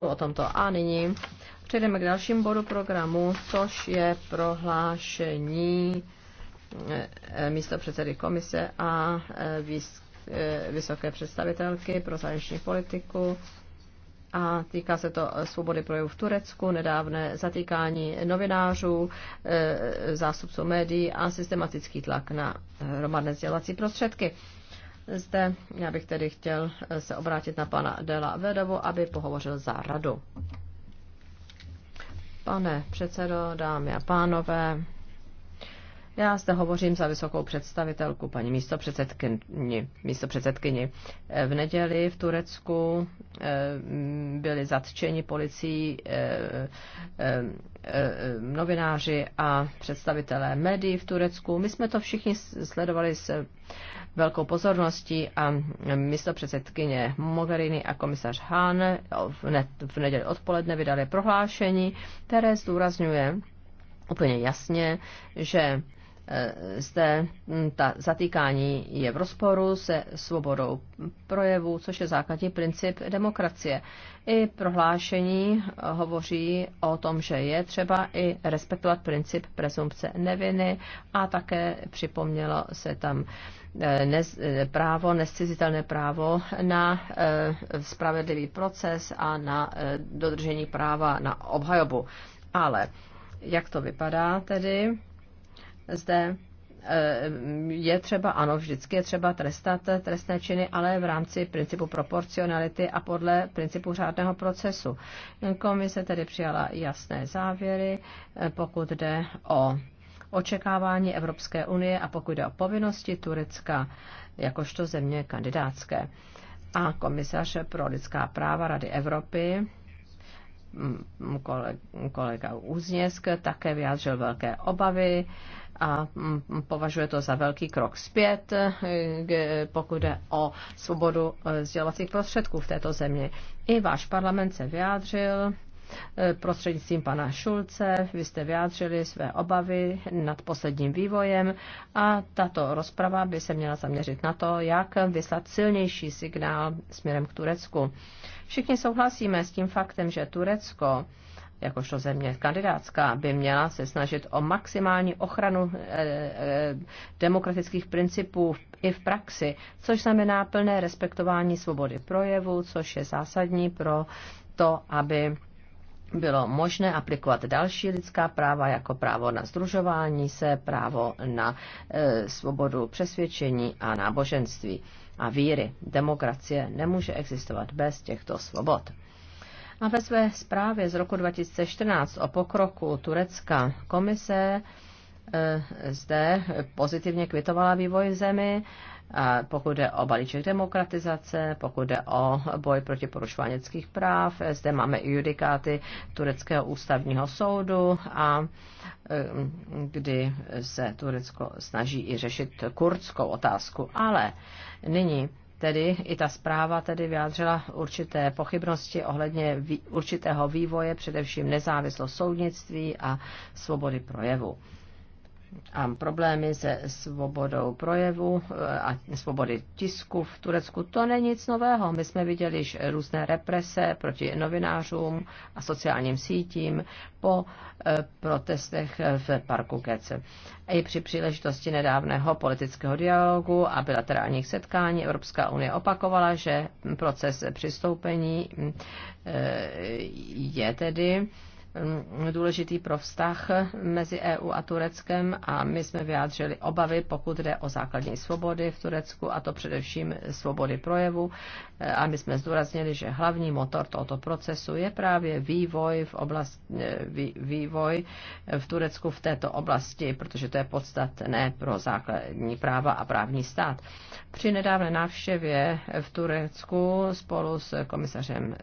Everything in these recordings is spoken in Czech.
o tomto. A nyní přejdeme k dalším bodu programu, což je prohlášení eh, eh, místo předsedy komise a eh, vysoké představitelky pro zahraniční politiku. A týká se to svobody projevu v Turecku, nedávné zatýkání novinářů, zástupců médií a systematický tlak na hromadné sdělovací prostředky. Zde já bych tedy chtěl eh, se obrátit na pana Dela Vedovu, aby pohovořil za radu. Pane předsedo, dámy a pánové, já zde hovořím za vysokou představitelku, paní místopředsedkyni. místopředsedkyni. Eh, v neděli v Turecku eh, byli zatčeni policií novináři a představitelé médií v Turecku. My jsme to všichni sledovali s velkou pozorností a místo předsedkyně Mogherini a komisař Hahn v neděli odpoledne vydali prohlášení, které zdůrazňuje úplně jasně, že e, zde ta zatýkání je v rozporu se svobodou projevu, což je základní princip demokracie. I prohlášení hovoří o tom, že je třeba i respektovat princip prezumpce neviny a také připomnělo se tam nez, právo, nescizitelné právo na eh, spravedlivý proces a na eh, dodržení práva na obhajobu. Ale jak to vypadá tedy zde? Eh, je třeba, ano, vždycky je třeba trestat trestné činy, ale v rámci principu proporcionality a podle principu řádného procesu. Komise tedy přijala jasné závěry, pokud jde o očekávání Evropské unie a pokud jde o povinnosti Turecka jakožto země kandidátské. A komisař pro lidská práva Rady Evropy mm, kolega Úzněsk také vyjádřil velké obavy a mm, považuje to za velký krok zpět, eh, eh, pokud jde o svobodu eh, sdělovacích prostředků v této zemi. I váš parlament se vyjádřil Eh, prostřednictvím pana Šulce vy jste vyjádřili své obavy nad posledním vývojem a tato rozprava by se měla zaměřit na to, jak vyslat silnější signál směrem k Turecku. Všichni souhlasíme s tím faktem, že Turecko jakožto země kandidátská, by měla se snažit o maximální ochranu eh, eh, demokratických principů i v praxi, což znamená plné respektování svobody projevu, což je zásadní pro to, aby bylo možné aplikovat další lidská práva, jako právo na združování se, právo na e, svobodu přesvědčení a náboženství a víry. Demokracie nemůže existovat bez těchto svobod. A ve své zprávě z roku 2014 o pokroku Turecka komise e, zde pozitivně kvitovala vývoj zemi, e, pokud jde o balíček demokratizace, pokud jde o boj proti porušování lidských práv, zde máme i judikáty Tureckého ústavního soudu, a eh, kdy se Turecko snaží i řešit kurdskou otázku. Ale nyní Tedy i ta zpráva tedy vyjádřila určité pochybnosti ohledně vý, určitého vývoje, především nezávislost soudnictví a svobody projevu a problémy se svobodou projevu eh, a svobody tisku v Turecku, to není nic nového. My jsme viděli již různé represe proti novinářům a sociálním sítím po eh, protestech eh, v parku Kec. I při příležitosti nedávného politického dialogu a bilaterálních setkání Evropská unie opakovala, že proces přistoupení mm, je tedy Mm, důležitý pro vztah mezi EU a Tureckem a my jsme vyjádřili obavy, pokud jde o základní svobody v Turecku, a to především svobody projevu, a my jsme zdůraznili, že hlavní motor tohoto procesu je právě vývoj v, oblast, eh, vývoj v Turecku v této oblasti, protože to je podstatné pro základní práva a právní stát. Při nedávné návštěvě v Turecku spolu s komisařem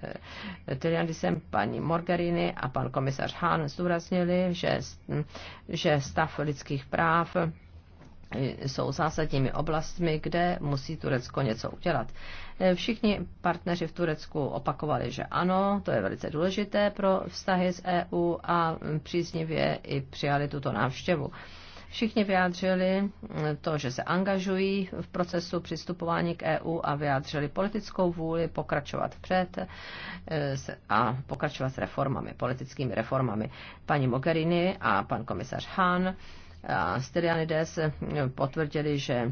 eh, Tyliandisem paní Morgarini a pan komisař Hahn zdůraznili, že, hm, že stav lidských práv eh, jsou zásadními oblastmi, kde musí Turecko něco udělat. Eh, všichni partneři v Turecku opakovali, že ano, to je velice důležité pro vztahy s EU a hm, příznivě i přijali tuto návštěvu. Všichni vyjádřili hm, to, že se angažují v procesu přistupování k EU a vyjádřili politickou vůli pokračovat před eh, a pokračovat s reformami, politickými reformami. Paní Mogherini a pan komisař Hahn Styrianides potvrdili, že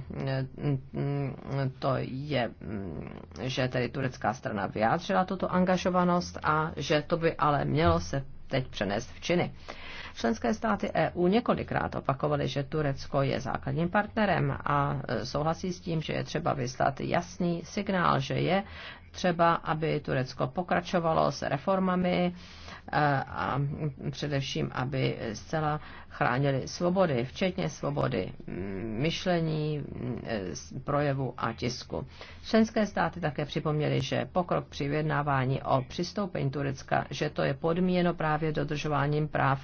mm, to je, mm, že tedy turecká strana vyjádřila tuto angažovanost a že to by ale mělo se teď přenést v činy. Členské státy EU několikrát opakovaly, že Turecko je základním partnerem a e, souhlasí s tím, že je třeba vyslat jasný signál, že je třeba, aby Turecko pokračovalo s reformami e, a především, aby zcela chránili svobody, včetně svobody myšlení, projevu a tisku. Členské státy také připomněly, že pokrok při vyjednávání o přistoupení Turecka, že to je podmíněno právě dodržováním práv,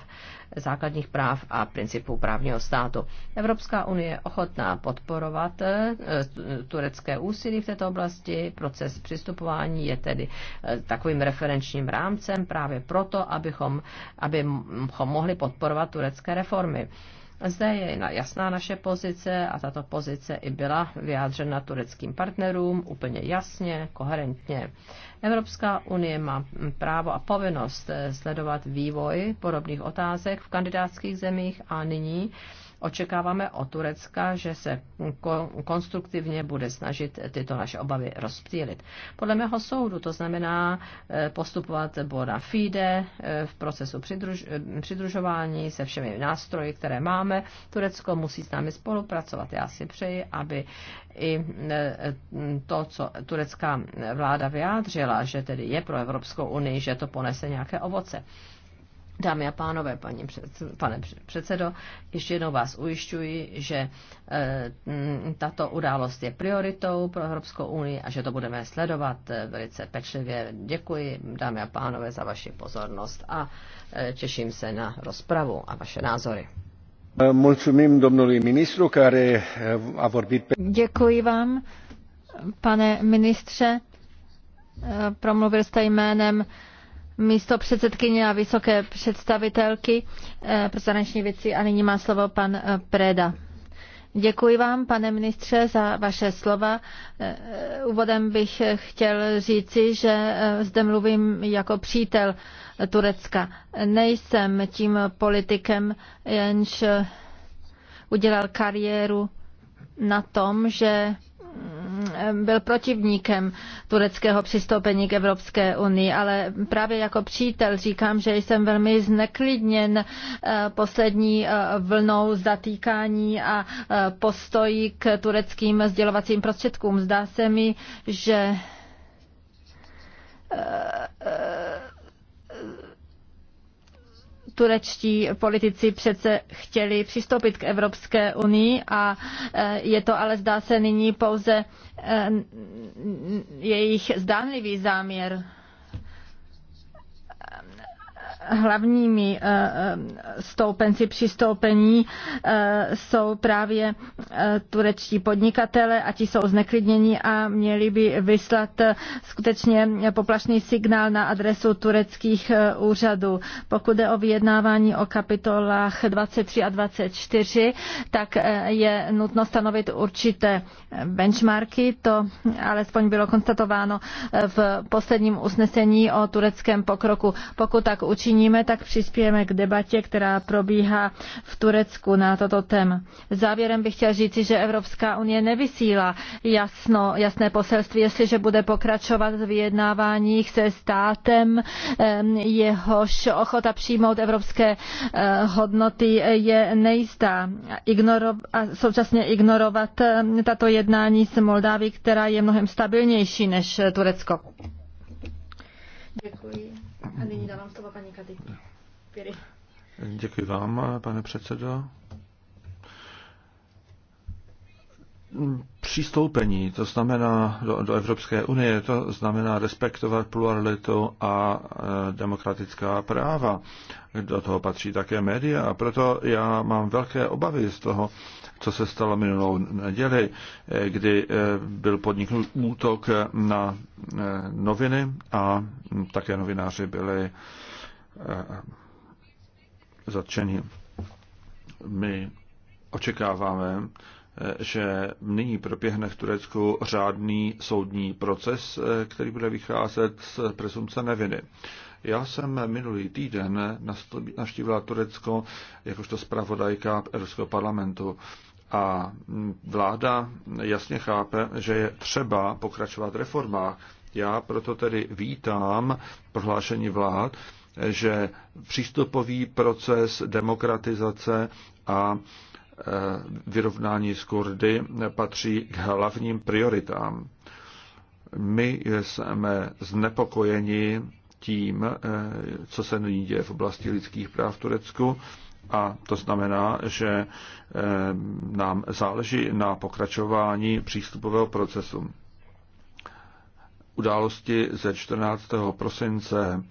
základních práv a principů právního státu. Evropská unie je ochotná podporovat eh, turecké úsilí v této oblasti. Proces přistupování je tedy eh, takovým referenčním rámcem právě proto, abychom, abychom mohli podporovat turecké reformy. Zde je jasná naše pozice a tato pozice i byla vyjádřena tureckým partnerům úplně jasně, koherentně. Evropská unie má právo a povinnost sledovat vývoj podobných otázek v kandidátských zemích a nyní Očekáváme od Turecka, že se konstruktivně bude snažit tyto naše obavy rozptýlit. Podle mého soudu to znamená eh, postupovat bona fide eh, v procesu přidruž, eh, přidružování se všemi nástroji, které máme. Turecko musí s námi spolupracovat. Já si přeji, aby i to, co turecká vláda vyjádřila, že tedy je pro Evropskou unii, že to ponese nějaké ovoce. Dámy a pánové, paní před, pane předsedo, ještě jednou vás ujišťuji, že e, tato událost je prioritou pro Evropskou unii a že to budeme sledovat e, velice pečlivě. Děkuji, dámy a pánové, za vaši pozornost a e, těším se na rozpravu a vaše názory. E, Děkuji vám, pane ministře. E, promluvil jste jménem místo předsedkyně a vysoké představitelky eh, pro zahraniční věci a nyní má slovo pan eh, Preda. Děkuji vám, pane ministře, za vaše slova. Eh, úvodem bych chtěl říci, že zde mluvím jako přítel Turecka. Nejsem tím politikem, jenž udělal kariéru na tom, že Mm, byl protivníkem tureckého přistoupení k Evropské unii, ale právě jako přítel říkám, že jsem velmi zneklidněn eh, poslední eh, vlnou zatýkání a eh, postojí k tureckým sdělovacím prostředkům. Zdá se mi, že turečtí politici přece chtěli přistoupit k Evropské unii a e, je to ale zdá se nyní pouze e, jejich zdánlivý záměr hlavními eh, eh, stoupenci přistoupení eh, jsou právě turečtí podnikatele a ti jsou zneklidnění a měli by vyslat skutečně poplašný signál na adresu tureckých úřadů. Pokud jde o vyjednávání o kapitolách 23 a 24, tak je nutno stanovit určité benchmarky, to alespoň bylo konstatováno v posledním usnesení o tureckém pokroku. Pokud tak učiní, učiníme, tak přispějeme k debatě, která probíhá v Turecku na toto téma. Závěrem bych chtěl říci, že Evropská unie nevysílá jasno, jasné poselství, jestliže bude pokračovat v vyjednáváních se státem, jehož ochota přijmout evropské eh, hodnoty je nejistá. Ignoro, a současně ignorovat tato jednání s Moldáví, která je mnohem stabilnější než Turecko. Děkuji. A nyní dávám slovo paní Katy Děkuji vám, pane předsedo. Mm, přistoupení, to znamená do, do Evropské unie, to znamená respektovat pluralitu a e, demokratická práva. Do toho patří také média a proto já mám velké obavy z toho, co se stalo minulou neděli, e, kdy e, byl podniknut útok na e, noviny a také novináři byli e, zatčeni. My očekáváme, že nyní proběhne v Turecku řádný soudní proces, který bude vycházet z presumce neviny. Já jsem minulý týden navštívila Turecko jakožto zpravodajka Evropského parlamentu a vláda jasně chápe, že je třeba pokračovat reformách. Já proto tedy vítám prohlášení vlád, že přístupový proces demokratizace a Eh, vyrovnání s Kurdy patří k hlavním prioritám. My jsme znepokojeni tím, eh, co se nyní děje v oblasti lidských práv v Turecku a to znamená, že eh, nám záleží na pokračování přístupového procesu. Události ze 14. prosince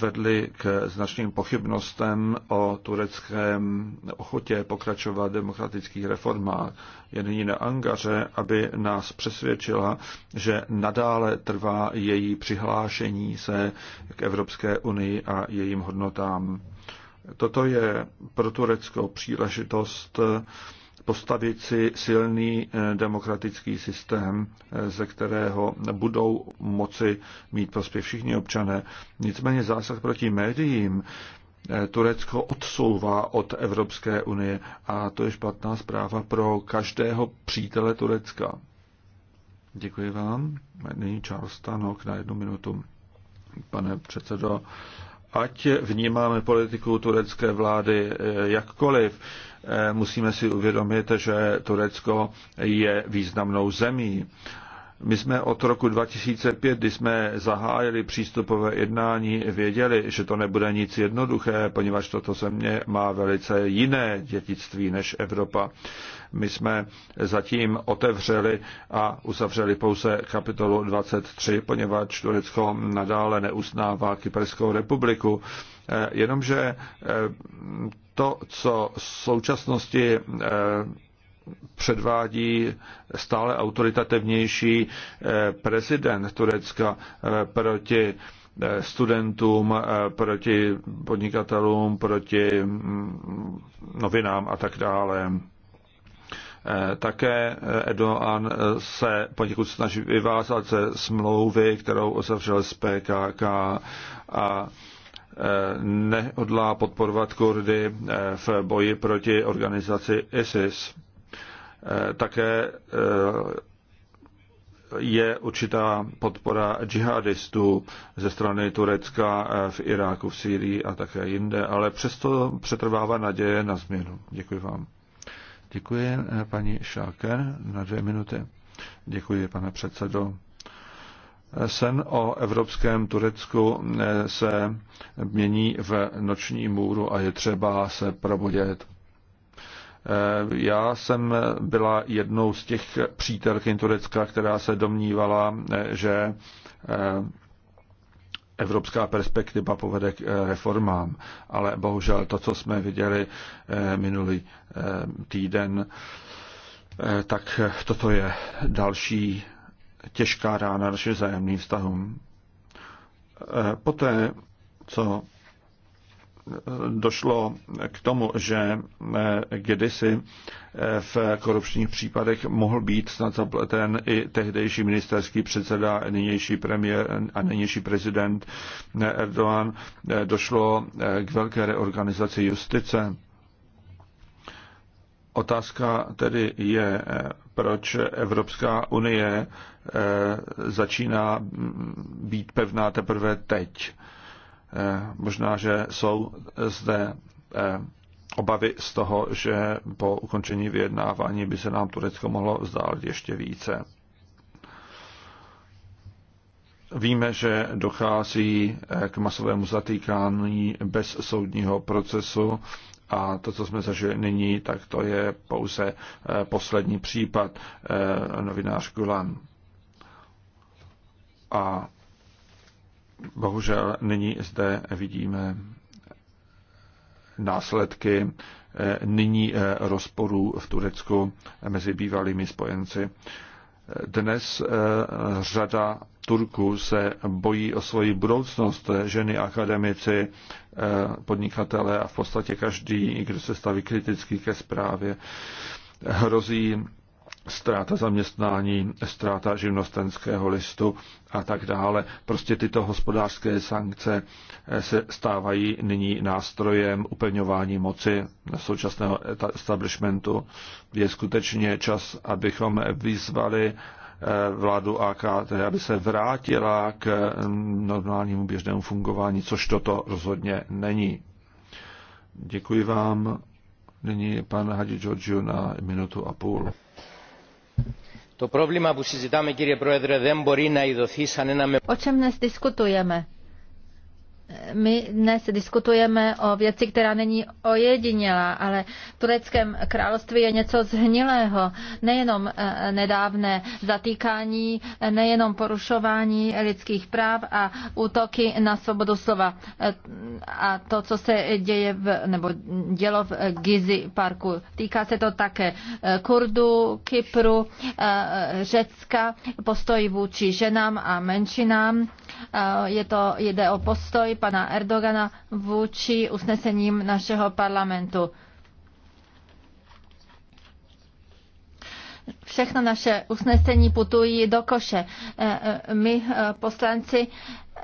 vedly k značným pochybnostem o tureckém ochotě pokračovat demokratických reformách. Je nyní na Angaře, aby nás přesvědčila, že nadále trvá její přihlášení se k Evropské unii a jejím hodnotám. Toto je pro Turecko příležitost postavit si silný eh, demokratický systém, eh, ze kterého budou moci mít prospěch všichni občané. Nicméně zásah proti médiím eh, Turecko odsouvá od Evropské unie a to je špatná zpráva pro každého přítele Turecka. Děkuji vám. Nyní Charles Stanok na jednu minutu. Pane předsedo, Ať vnímáme politiku turecké vlády eh, jakkoliv, eh, musíme si uvědomit, že Turecko je významnou zemí my jsme od roku 2005, kdy jsme zahájili přístupové jednání, věděli, že to nebude nic jednoduché, poněvadž toto země má velice jiné dětictví než Evropa. My jsme zatím otevřeli a uzavřeli pouze kapitolu 23, poněvadž Turecko nadále neusnává Kyperskou republiku. Eh, jenomže eh, to, co v současnosti eh, předvádí stále autoritativnější eh, prezident Turecka eh, proti eh, studentům, proti podnikatelům, proti mm, novinám a tak dále. Také Edoan se poněkud snaží vyvázat ze smlouvy, kterou uzavřel s PKK a nehodlá podporovat Kurdy v boji proti organizaci ISIS. Eh, také eh, je určitá podpora džihadistů ze strany Turecka eh, v Iráku, v Sýrii a také jinde, ale přesto přetrvává naděje na změnu. Děkuji vám. Děkuji paní Šáker na dvě minuty. Děkuji, pane předsedo. Sen o evropském Turecku se mění v noční můru a je třeba se probudět. Eh, já jsem byla jednou z těch přítelkyň Turecka, která se domnívala, eh, že eh, evropská perspektiva povede k reformám. Ale bohužel to, co jsme viděli minulý týden, tak toto je další těžká rána našim vzájemným vztahům. Poté, co došlo k tomu, že eh, kdysi eh, v korupčních případech mohl být snad zapleten i tehdejší ministerský předseda, nynější premiér a nynější prezident eh, Erdogan, došlo k velké reorganizaci justice. Otázka tedy je, proč Evropská unie začíná mm, být pevná teprve teď Eh, možná, že jsou eh, zde eh, obavy z toho, že po ukončení vyjednávání by se nám Turecko mohlo vzdálit ještě více. Víme, že dochází k masovému zatýkání bez soudního procesu a to, co jsme zažili nyní, tak to je pouze poslední případ novinář Gulan. A Bohužel nyní zde vidíme následky eh, nyní eh, rozporů v Turecku mezi bývalými spojenci. Dnes eh, řada Turků se bojí o svoji budoucnost. Ženy, akademici, podnikatele a v podstatě každý, kdo se staví kriticky ke zprávě, hrozí ztráta zaměstnání, ztráta živnostenského listu a tak dále. Prostě tyto hospodářské sankce eh, se stávají nyní nástrojem upevňování moci současného establishmentu. Je skutečně čas, abychom vyzvali eh, vládu AKT, aby se vrátila k mm, normálnímu běžnému fungování, což toto rozhodně není. Děkuji vám. Nyní pan Hadi Giorgio na minutu a půl. O čem dnes diskutujeme? my dnes diskutujeme o věci, která není ojedinělá, ale v Tureckém království je něco zhnilého. Nejenom eh, nedávné zatýkání, eh, nejenom porušování lidských práv a útoky na svobodu slova. Eh, a to, co se děje v, nebo dělo v Gizi parku. Týká se to také Kurdu, Kypru, Řecka, postoj vůči ženám a menšinám. Je to, jde o postoj pana Erdogana vůči usnesením našeho parlamentu. všechna naše usnesení putují do koše. E, e, my e, poslanci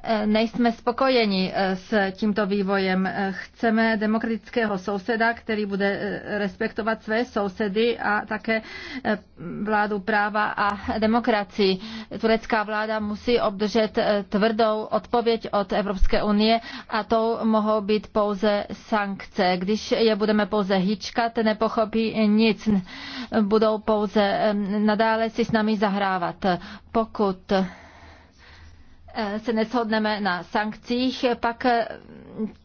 Eh, nejsme spokojeni eh, s tímto vývojem. Eh, chceme demokratického souseda, který bude respektovat své sousedy a také vládu práva a demokracii. Turecká vláda musí obdržet tvrdou odpověď od Evropské unie a to mohou být pouze sankce. Když je budeme pouze hýčkat, nepochopí nic. Budou pouze nadále si s námi zahrávat. Pokud Eh, se neshodneme na sankcích, pak eh,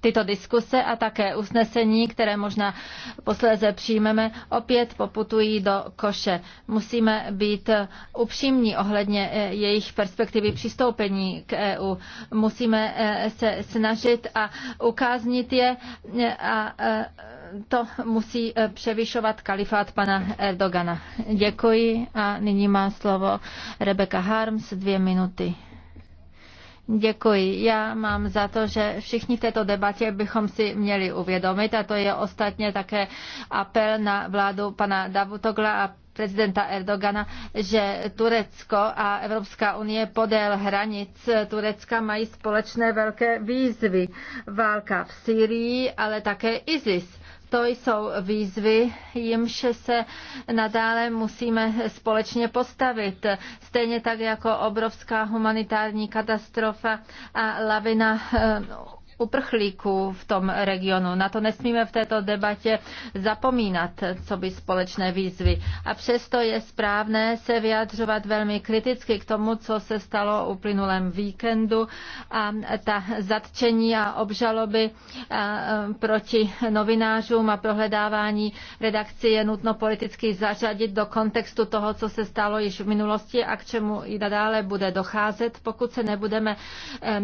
tyto diskuse a také usnesení, které možná posléze přijmeme, opět poputují do koše. Musíme být eh, upřímní ohledně jejich perspektivy přistoupení k EU. Musíme se snažit a ukáznit je a to musí převyšovat kalifát pana Erdogana. Děkuji a nyní má slovo Rebecca Harms, dvě minuty. Děkuji. Já mám za to, že všichni v této debatě bychom si měli uvědomit, a to je ostatně také apel na vládu pana Davutogla a prezidenta Erdogana, že Turecko a Evropská unie podél hranic Turecka mají společné velké výzvy. Válka v Syrii, ale také ISIS to jsou výzvy, jimž se nadále musíme společně postavit. Stejně tak jako obrovská humanitární katastrofa a lavina eh, uprchlíků v tom regionu. Na to nesmíme v této debatě zapomínat, co by společné výzvy. A přesto je správné se vyjadřovat velmi kriticky k tomu, co se stalo uplynulém víkendu a ta zatčení a obžaloby proti novinářům a prohledávání redakcí je nutno politicky zařadit do kontextu toho, co se stalo již v minulosti a k čemu i nadále bude docházet, pokud se nebudeme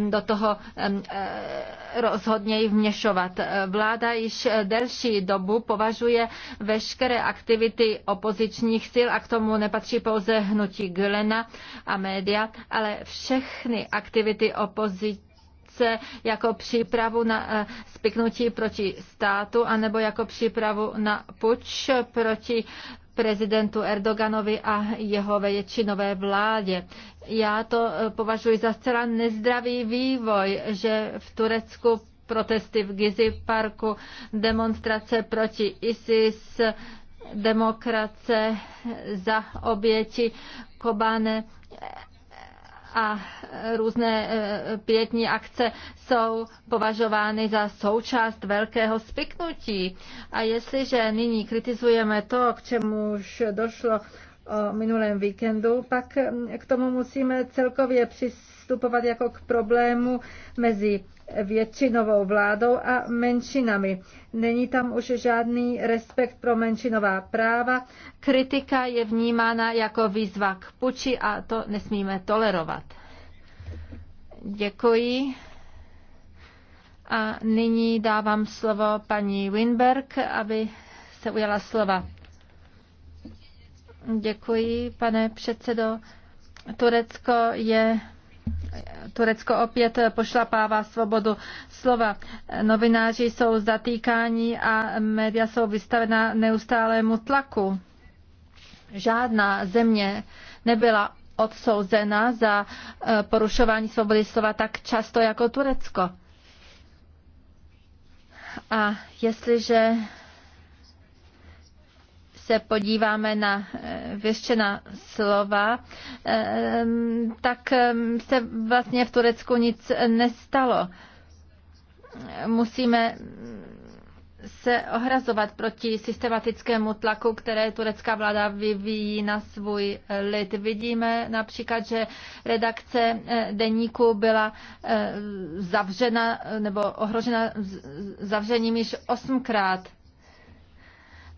do toho e, rozhodněji vměšovat. Vláda již delší dobu považuje veškeré aktivity opozičních sil a k tomu nepatří pouze hnutí Gülena a média, ale všechny aktivity opozičních jako přípravu na eh, spiknutí proti státu anebo jako přípravu na puč proti prezidentu Erdoganovi a jeho většinové vládě. Já to eh, považuji za zcela nezdravý vývoj, že v Turecku protesty v Gizi parku, demonstrace proti ISIS, demokrace za oběti Kobane a e, různé e, pětní akce jsou považovány za součást velkého spiknutí. A jestliže nyní kritizujeme to, k čemuž došlo o minulém víkendu, pak k tomu musíme celkově přistupovat jako k problému mezi většinovou vládou a menšinami. Není tam už žádný respekt pro menšinová práva. Kritika je vnímána jako výzva k puči a to nesmíme tolerovat. Děkuji. A nyní dávám slovo paní Winberg, aby se ujala slova. Děkuji, pane předsedo. Turecko je Turecko opět pošlapává svobodu slova. Novináři jsou zatýkáni a média jsou vystavena neustálému tlaku. Žádná země nebyla odsouzena za eh, porušování svobody slova tak často jako Turecko. A jestliže se podíváme na eh, věštěná slova, ehm, tak ehm, se vlastně v Turecku nic nestalo. Musíme se ohrazovat proti systematickému tlaku, které turecká vláda vyvíjí na svůj lid. Vidíme například, že redakce eh, deníku byla eh, zavřena nebo ohrožena zavřením již osmkrát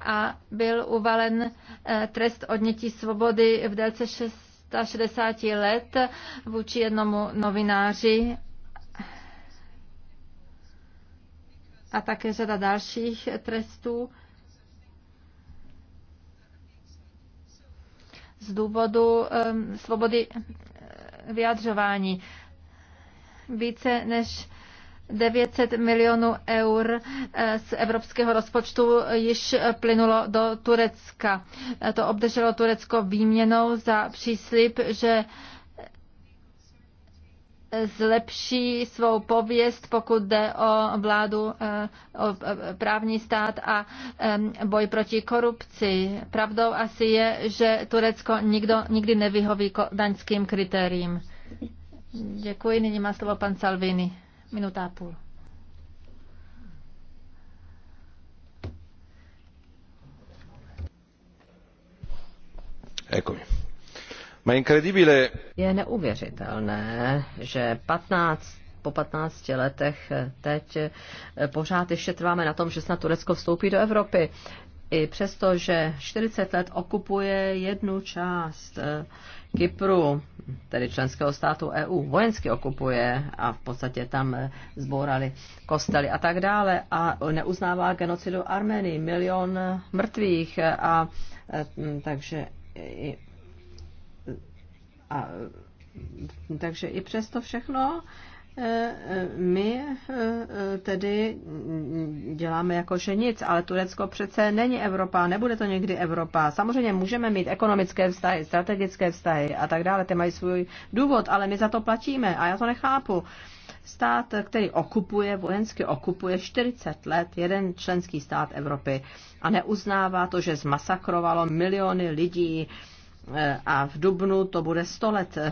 a byl uvalen eh, trest odnětí svobody v délce 660 let vůči jednomu novináři a také řada dalších trestů z důvodu eh, svobody eh, vyjadřování. Více než 900 milionů eur eh, z evropského rozpočtu již plynulo do Turecka. Eh, to obdrželo Turecko výměnou za příslip, že eh, zlepší svou pověst, pokud jde o vládu, o právní stát a boj proti korupci. Pravdou asi je, že Turecko nikdo, nikdy nevyhoví daňským kritériím. Děkuji, nyní má slovo pan Salvini. Minuta a půl. Je neuvěřitelné, že 15, po 15 letech eh, teď eh, pořád ještě trváme na tom, že snad Turecko vstoupí do Evropy. I přesto, že 40 let okupuje jednu část eh, Kypru, tedy členského státu EU, vojensky okupuje a v podstatě tam eh, zbourali kostely a tak dále a neuznává genocidu Armenii, milion eh, mrtvých eh, a takže a, takže i přesto všechno Eh, eh, my eh, tedy děláme jako že nic, ale Turecko přece není Evropa, nebude to někdy Evropa. Samozřejmě můžeme mít ekonomické vztahy, strategické vztahy a tak dále, ty mají svůj důvod, ale my za to platíme a já to nechápu. Stát, který okupuje, vojensky okupuje 40 let jeden členský stát Evropy a neuznává to, že zmasakrovalo miliony lidí, Eh, a v Dubnu to bude 100 let eh,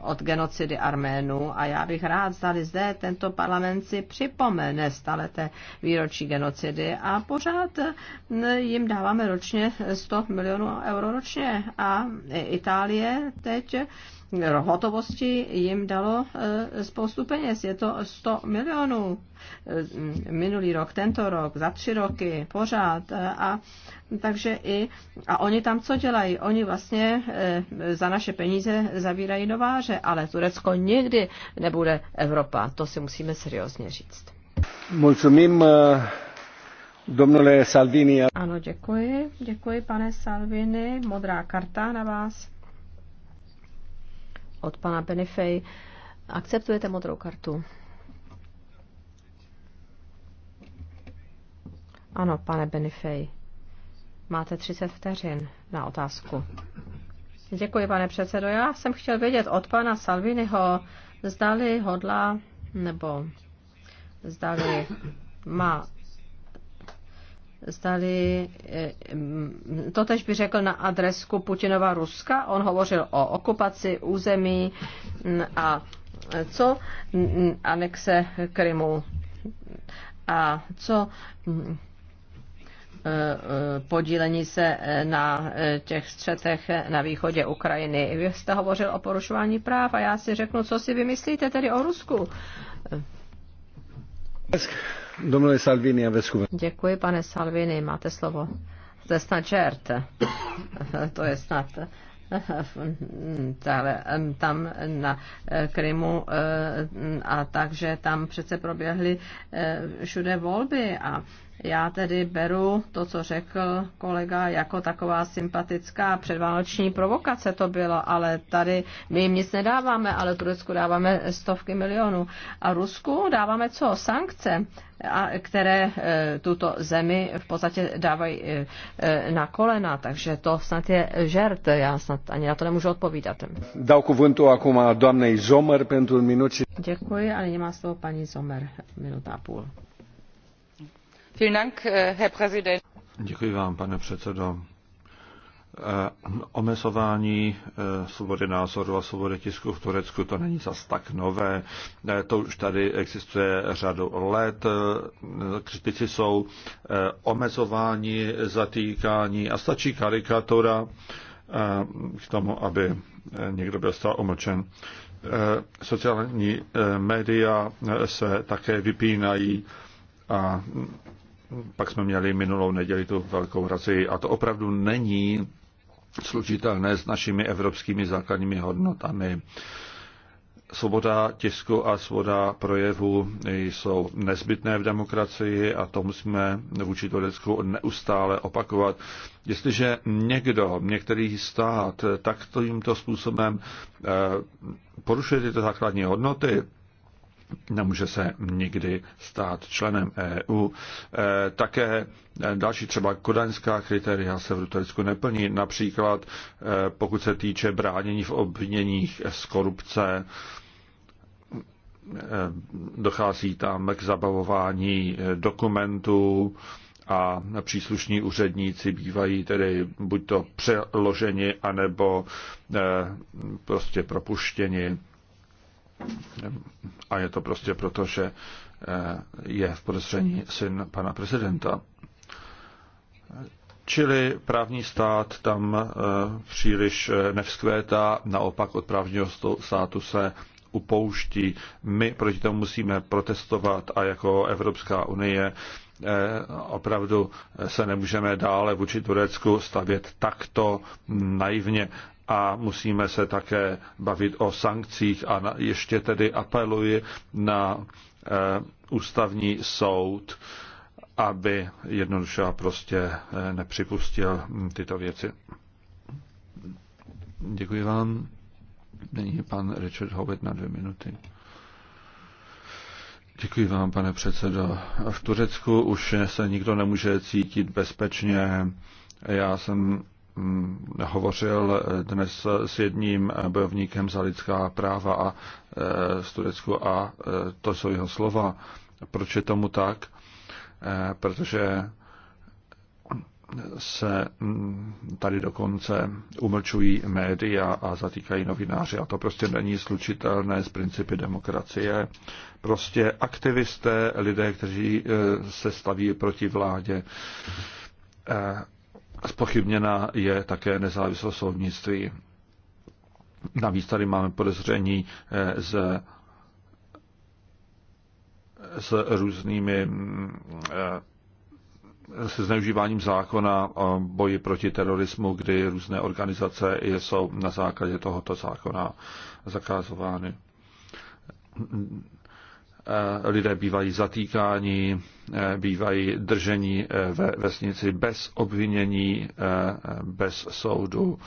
od genocidy Arménů a já bych rád zdali zde tento parlament si připomene staleté výročí genocidy a pořád eh, jim dáváme ročně 100 milionů euro ročně a Itálie teď hotovosti jim dalo e, spoustu peněz. Je to 100 milionů e, minulý rok, tento rok, za tři roky, pořád. E, a, takže i, a oni tam co dělají? Oni vlastně za naše peníze zavírají nováře, ale Turecko nikdy nebude Evropa. To si musíme seriózně říct. Mulțumim, domnule Salvini. Ano, děkuji. Děkuji, pane Salvini. Modrá karta na vás od pana Benefej. Akceptujete modrou kartu? Ano, pane Benefej. Máte 30 vteřin na otázku. Děkuji, pane předsedo. Já jsem chtěl vědět od pana Salviniho, zdali hodla nebo zdali má zdali, eh, mm, to tež by řekl na adresku Putinova Ruska, on hovořil o okupaci území mm, a co mm, anexe Krymu a co eh, eh, podílení se na těch střetech na východě Ukrajiny. Vy jste hovořil o porušování práv a já si řeknu, co si vymyslíte tedy o Rusku. Domnule Salvini, aveți cuvânt. Děkuji, pane Salvini, máte slovo. To je snad čert. to je snad tam na eh, Krymu eh, a takže tam přece proběhly eh, všude volby a já tedy beru to, co řekl kolega, jako taková sympatická předvánoční provokace to bylo, ale tady my jim nic nedáváme, ale Turecku dáváme stovky milionů. A Rusku dáváme co? Sankce, a, které e, tuto zemi v podstatě dávají e, e, na kolena, takže to snad je žert, já snad ani na to nemůžu odpovídat. Dau cuvântul acum doamnei Zomer pentru un Děkuji a nyní má slovo paní Zomer, minuta a půl. Äh, Děkuji vám, pane předsedo. Eh, omezování eh, svobody názoru a svobody tisku v Turecku to není zas tak nové. Eh, to už tady existuje řadu let. Kritici jsou omezováni, zatýkáni a stačí karikatura k tomu, aby někdo byl stále umlčen. Sociální média se také vypínají a pak jsme měli minulou neděli tu velkou hraci a to opravdu není slučitelné s našimi evropskými základními hodnotami. Svoboda tisku a svoboda projevu jsou nezbytné v demokracii a to musíme vůči Turecku neustále opakovat. Jestliže někdo, některý stát takto tímto způsobem eh, porušuje tyto základní hodnoty, nemůže se nikdy stát členem EU. E, také e, další třeba kodaňská kritéria se v Turecku neplní, například e, pokud se týče bránění v obviněních z korupce, dochází tam k zabavování dokumentů a příslušní úředníci bývají tedy buď to přeloženi, anebo prostě propuštěni a je to prostě proto, že eh, je v podezření syn pana prezidenta. Čili právní stát tam eh, příliš eh, nevzkvétá, naopak od právního státu se upouští. My proti tomu musíme protestovat a jako Evropská unie opravdu se nemůžeme dále vůči Turecku stavět takto naivně a musíme se také bavit o sankcích a na, ještě tedy apeluji na e, ústavní soud, aby jednoduše a prostě e, nepřipustil hm, tyto věci. Děkuji vám. Není pan Richard Howitt na dvě minuty. Děkuji vám, pane předsedo. V Turecku už se nikdo nemůže cítit bezpečně. Já jsem Mm, hovořil dnes s jedním bojovníkem za lidská práva a z e, Turecku a e, to jsou jeho slova. Proč je tomu tak? E, protože se mm, tady dokonce umlčují média a zatýkají novináři a to prostě není slučitelné s principy demokracie. Prostě aktivisté, lidé, kteří se staví proti vládě, Spochybněna je také nezávislost soudnictví. Navíc tady máme podezření eh, z s různými mm, eh, se zneužíváním zákona o boji proti terorismu, kdy různé organizace jsou na základě tohoto zákona zakázovány. Eh, lidé bývají zatýkáni, eh, bývají drženi eh, ve vesnici bez obvinění, bez soudu,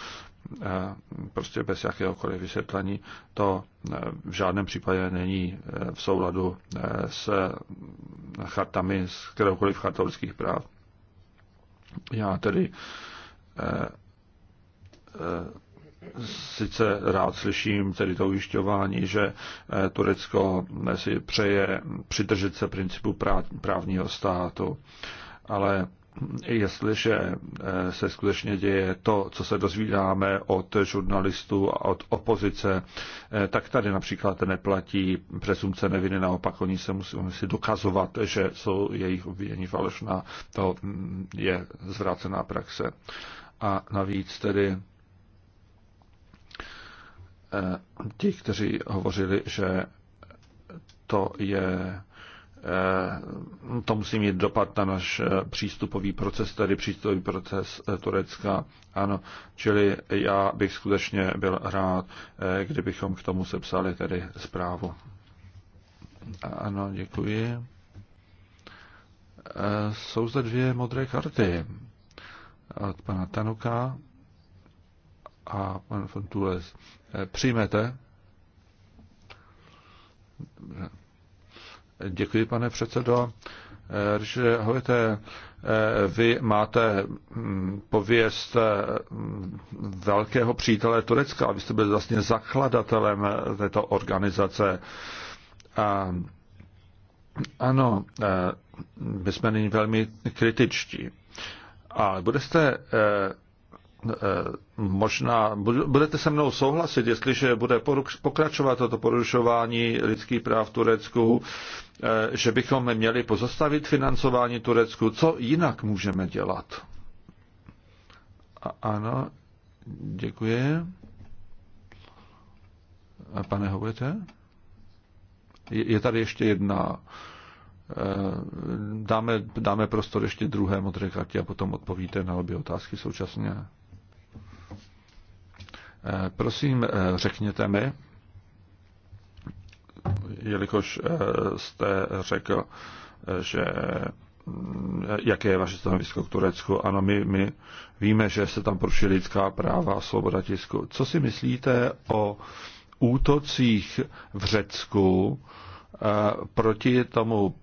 prostě bez jakéhokoliv vysvětlení. To v žádném případě není v souladu s chartami, s kteroukoliv chartovských práv. Já tedy sice rád slyším tedy to ujišťování, že eh, Turecko eh, si přeje přidržet se principu právního státu, ale jestliže eh, se skutečně děje to, co se dozvídáme od žurnalistů a od opozice, tak tady například neplatí presumce neviny, naopak oni se musí, musí dokazovat, že jsou jejich obvinění falešná, to mm, je zvrácená praxe. A navíc tedy Eh, ti, kteří hovořili, že to je eh, to musí mít dopad na náš eh, přístupový proces, tedy přístupový proces Turecka. Ano, čili já bych skutečně byl rád, kdybychom k tomu sepsali tedy zprávu. Ano, děkuji. Jsou zde dvě modré karty od pana Tanuka a pan Fontules. Eh, přijmete? Děkuji, pane předsedo. Eh, Že hovíte, eh, vy máte hm, pověst velkého přítele Turecka, a vy jste byli vlastně zakladatelem této organizace. A ano, my jsme nyní velmi kritičtí. A budete. Eh, možná budete se mnou souhlasit, jestliže bude pokračovat toto porušování lidských práv v Turecku, eh, že bychom měli pozastavit financování Turecku. Co jinak můžeme dělat? A, ano, děkuji. A eh, pane Hovete? Je, je tady ještě jedna. Dáme, dáme prostor ještě druhé modré kartě a potom odpovíte na obě otázky současně. Eh, prosím, eh, řekněte mi, jelikož eh, jste řekl, že mm, jaké je vaše stanovisko k Turecku. Ano, my, my víme, že se tam porušují lidská práva a svoboda tisku. Co si myslíte o útocích v Řecku proti tomu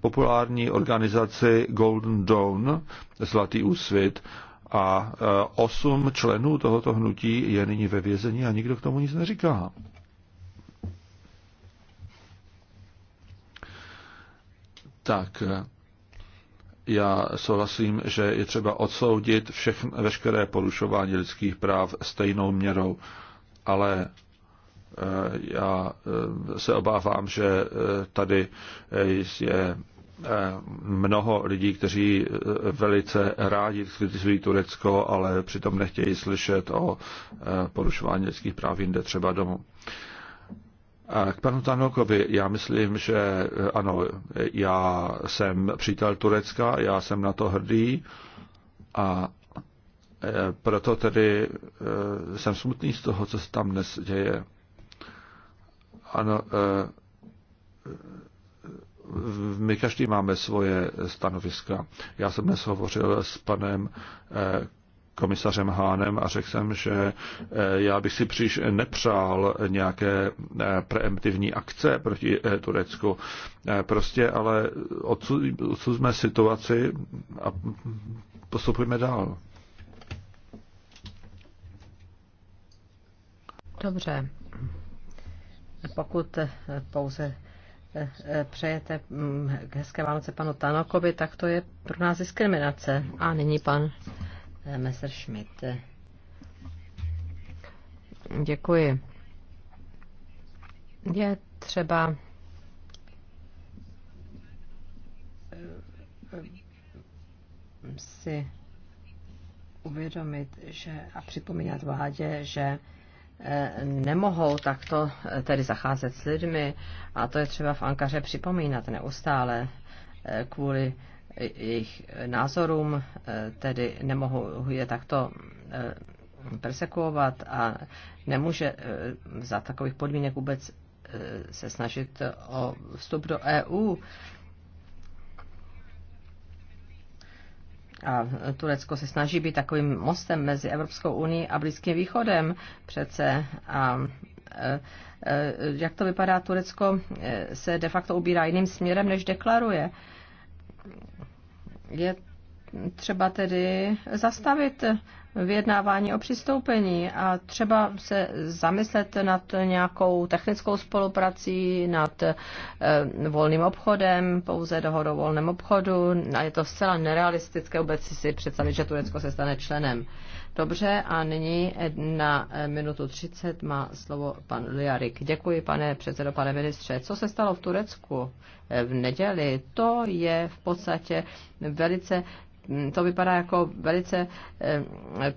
populární organizaci Golden Dawn, Zlatý úsvit, a e, osm členů tohoto hnutí je nyní ve vězení a nikdo k tomu nic neříká. Tak, e, já souhlasím, že je třeba odsoudit všechn, veškeré porušování lidských práv stejnou měrou, ale e, já se obávám, že tady je Eh, mnoho lidí, kteří eh, velice rádi kritizují Turecko, ale přitom nechtějí slyšet o eh, porušování lidských práv jinde třeba domů. A k panu Tanokovi, já myslím, že ano, já jsem přítel Turecka, já jsem na to hrdý a proto tedy jsem smutný z toho, co se tam dnes děje. Ano, my každý máme svoje stanoviska. Já jsem dnes hovořil s panem eh, komisařem Hánem a řekl jsem, že eh, já bych si příliš nepřál nějaké eh, preemptivní akce proti Turecku. Prostě ale odsuzme situaci a postupujeme dál. Dobře. Pokud pouze přejete mm, hezké Vánoce panu Tanokovi, tak to je pro nás diskriminace. A nyní pan eh, Messerschmidt. Děkuji. Je třeba eh, eh, si uvědomit že, a připomínat vládě, že Eh, nemohou takto eh, tedy zacházet s lidmi a to je třeba v Ankaře připomínat neustále eh, kvůli jejich názorům, tedy nemohou je takto persekuovat a nemůže za takových podmínek vůbec se snažit o vstup do EU. A Turecko se snaží být takovým mostem mezi Evropskou unii a Blízkým východem přece. A, e, e, jak to vypadá, Turecko e, se de facto ubírá jiným směrem, než deklaruje. Je třeba tedy zastavit vyjednávání o přistoupení a třeba se zamyslet nad nějakou technickou spoluprací, nad eh, volným obchodem, pouze dohodou o volném obchodu. A je to zcela nerealistické vůbec si představit, že Turecko se stane členem. Dobře, a nyní na eh, minutu 30 má slovo pan Liarik. Děkuji, pane předsedo, pane ministře. Co se stalo v Turecku eh, v neděli, to je v podstatě velice Mm, to vypadá jako velice eh,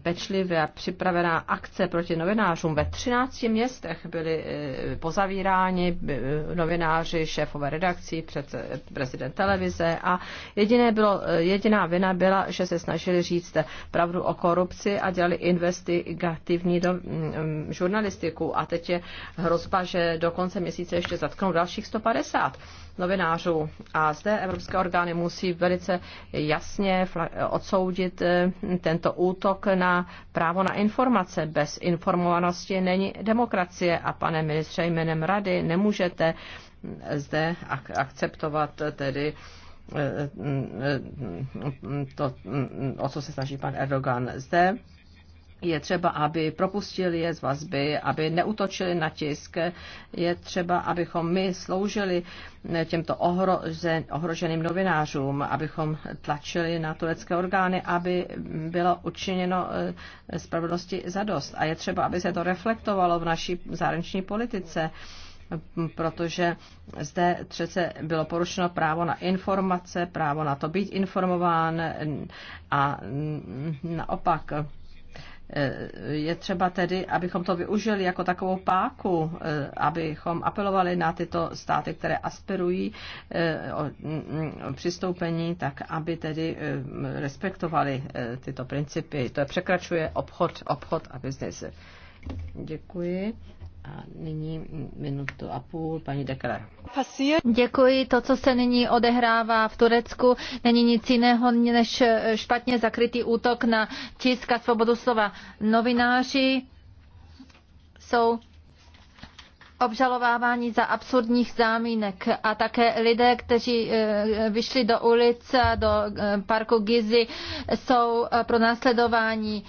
pečlivá připravená akce proti novinářům. Ve 13 městech byli eh, pozavíráni eh, novináři, šéfové redakcí, před, prezident televize a jediné bylo, jediná vina byla, že se snažili říct pravdu o korupci a dělali investigativní do, mm, mm, žurnalistiku. A teď je hrozba, že do konce měsíce ještě zatknou dalších 150 novinářů. A zde evropské orgány musí velice jasně odsoudit eh, tento útok na právo na informace. Bez informovanosti není demokracie a pane ministře jménem rady nemůžete zde akceptovat tedy eh, eh, to, o co se snaží pan Erdogan zde je třeba, aby propustili je z vazby, aby neutočili na tisk, je třeba, abychom my sloužili těmto ohroženým novinářům, abychom tlačili na turecké orgány, aby bylo učiněno eh, spravedlnosti zadost. A je třeba, aby se to reflektovalo v naší zahraniční politice protože zde přece bylo porušeno právo na informace, právo na to být informován a naopak Eh, je třeba tedy, abychom to využili jako takovou páku, eh, abychom apelovali na tyto státy, které aspirují eh, mm, mm, o přistoupení, tak aby tedy respektovali tyto principy. To je překračuje obchod, obchod a biznis. Děkuji. A nyní minutu a půl, paní Dekler. Děkuji. To, co se nyní odehrává v Turecku, není nic jiného než špatně zakrytý útok na tisk a svobodu slova. Novináři jsou obžalovávání za absurdních zámínek a také lidé, kteří eh, vyšli do ulic, do eh, parku Gizi, jsou eh, pro následování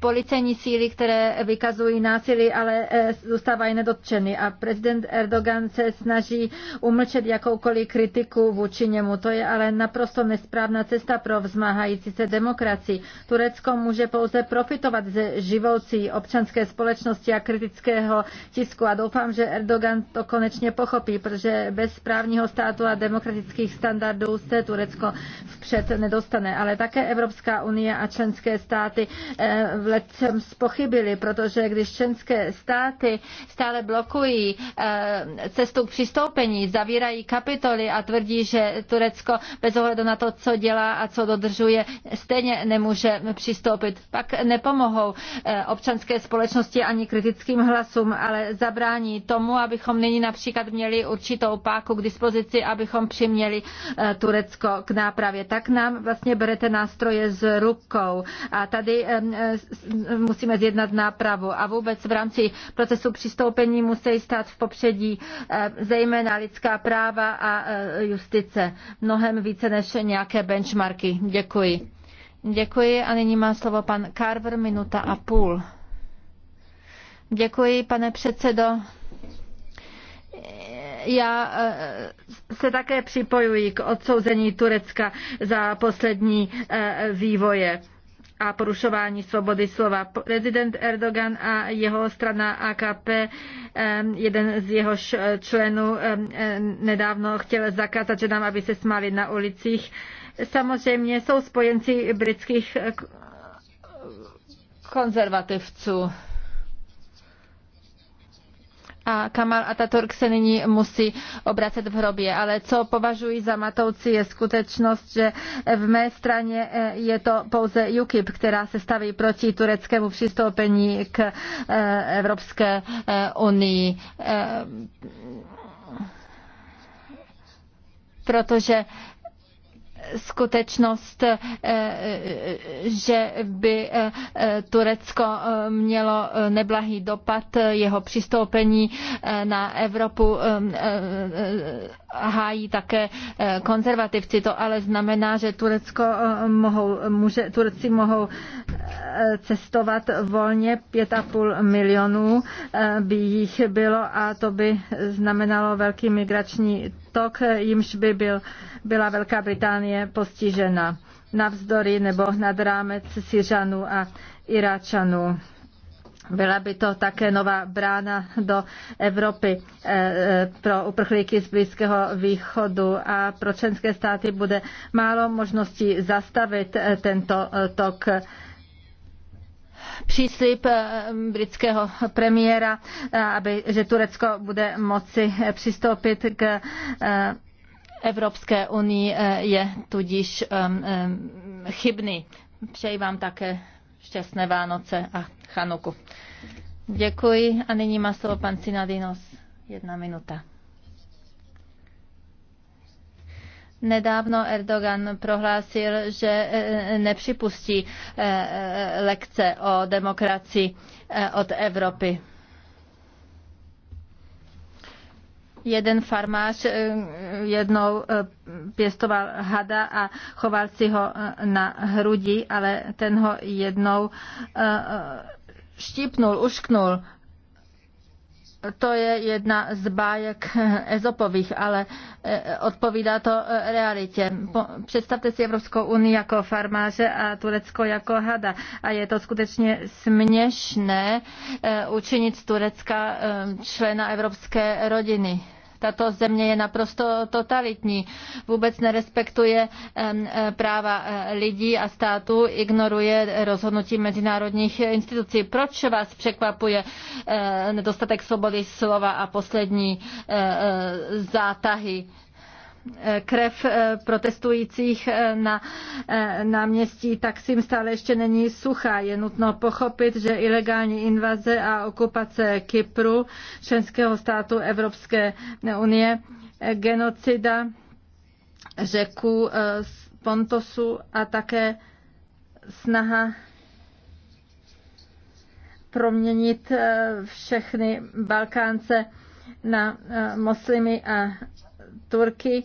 policejní síly, které vykazují násilí, ale zůstávají nedotčeny. A prezident Erdogan se snaží umlčet jakoukoliv kritiku vůči němu. To je ale naprosto nesprávná cesta pro vzmáhající se demokracii. Turecko může pouze profitovat ze živoucí občanské společnosti a kritického tisku a doufám, doufám, že Erdogan to konečně pochopí, protože bez právního státu a demokratických standardů se Turecko vpřed nedostane. Ale také Evropská unie a členské státy eh, v letcem spochybili, protože když členské státy stále blokují eh, cestu k přistoupení, zavírají kapitoly a tvrdí, že Turecko bez ohledu na to, co dělá a co dodržuje, stejně nemůže přistoupit. Pak nepomohou eh, občanské společnosti ani kritickým hlasům, ale zabrání zabrání tomu, abychom nyní například měli určitou páku k dispozici, abychom přiměli eh, Turecko k nápravě. Tak nám vlastně berete nástroje z rukou a tady eh, musíme zjednat nápravu a vůbec v rámci procesu přistoupení musí stát v popředí eh, zejména lidská práva a justice. Mnohem více než nějaké benchmarky. Děkuji. Děkuji a nyní má slovo pan Carver, minuta a půl. Děkuji, pane předsedo já eh, se také připojuji k odsouzení Turecka za poslední eh, vývoje a porušování svobody slova. Prezident Erdogan a jeho strana AKP, eh, jeden z jeho členů nedávno chtěl zakázat nám, aby se smáli na ulicích. Samozřejmě jsou spojenci britských konzervativců a Kamal Ataturk se nyní musí obracet v hrobě. Ale co považuji za matoucí je skutečnost, že v mé straně eh, je to pouze UKIP, která se staví proti tureckému přistoupení k eh, Evropské eh, unii protože skutečnost, eh, že by eh, Turecko eh, mělo neblahý dopad jeho přistoupení na Evropu hájí také konzervativci. To ale znamená, že Turecko mohou, může, Turci mohou cestovat volně 5,5 milionů by jich bylo a to by znamenalo velký migrační tok, jimž by byl, byla Velká Británie postižena navzdory nebo nad rámec Syřanů a Iráčanů. Byla by to také nová brána do Evropy eh, eh, pro uprchlíky z Blízkého východu a pro členské státy bude málo možností zastavit eh, tento tok příslip eh, britského premiéra, eh, aby, že Turecko bude moci eh, přistoupit k Evropské unii, je tudíž chybný. Přeji vám také šťastné Vánoce a Chanuku. Děkuji a nyní má slovo pan Sinadinos. Jedna minuta. Nedávno Erdogan prohlásil, že e, nepřipustí e, e, lekce o demokracii od Evropy. Jeden farmář jednou pěstoval hada a choval si ho na hrudi, ale ten ho jednou štípnul, ušknul to je jedna z bájek Ezopových, ale e, odpovídá to e, realitě. Představte si Evropskou unii jako farmáře a Turecko jako hada. A je to skutečně směšné e, učinit z Turecka člena evropské rodiny. Tato země je naprosto totalitní, vůbec nerespektuje eh, práva eh, lidí a státu, ignoruje rozhodnutí mezinárodních institucí. Proč vás překvapuje eh, nedostatek svobody slova a poslední zátahy krev eh, protestujících eh, na eh, náměstí si stále ještě není suchá. Je nutno pochopit, že ilegální invaze a okupace Kypru, členského státu Evropské unie, genocida řeku Pontosu a také snaha proměnit všechny Balkánce na muslimy a Turky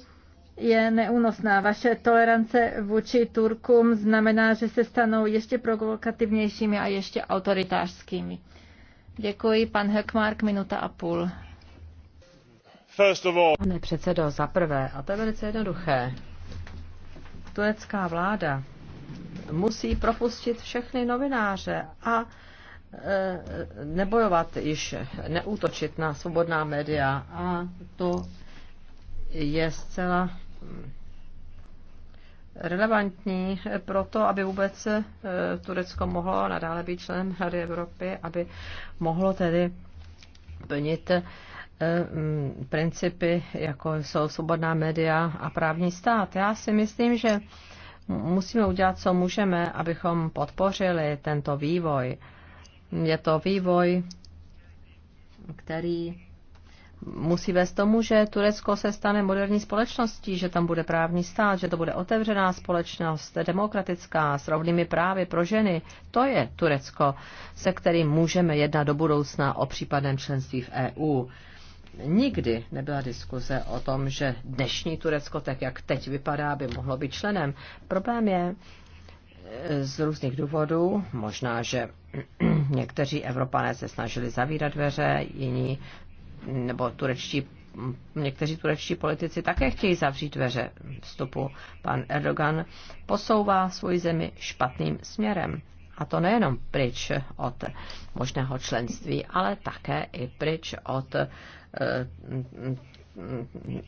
je neúnosná. Vaše tolerance vůči Turkům znamená, že se stanou ještě provokativnějšími a ještě autoritářskými. Děkuji, pan Hökmark, minuta a půl. Pane předsedo, za prvé, a to je velice jednoduché, turecká vláda musí propustit všechny novináře a e, nebojovat již, neútočit na svobodná média a to je zcela mm, relevantní pro to, aby vůbec eh, Turecko mohlo nadále být členem Rady Evropy, aby mohlo tedy plnit eh, mm, principy, jako jsou svobodná média a právní stát. Já si myslím, že musíme udělat, co můžeme, abychom podpořili tento vývoj. Je to vývoj, který musí vést tomu, že Turecko se stane moderní společností, že tam bude právní stát, že to bude otevřená společnost, demokratická, s rovnými právy pro ženy. To je Turecko, se kterým můžeme jednat do budoucna o případném členství v EU. Nikdy nebyla diskuze o tom, že dnešní Turecko, tak jak teď vypadá, by mohlo být členem. Problém je, e, z různých důvodů. Možná, že někteří Evropané se snažili zavírat dveře, jiní nebo turečtí někteří turečtí politici také chtějí zavřít dveře vstupu. Pan Erdogan posouvá svoji zemi špatným směrem. A to nejenom pryč od možného členství, ale také i pryč od eh, mm,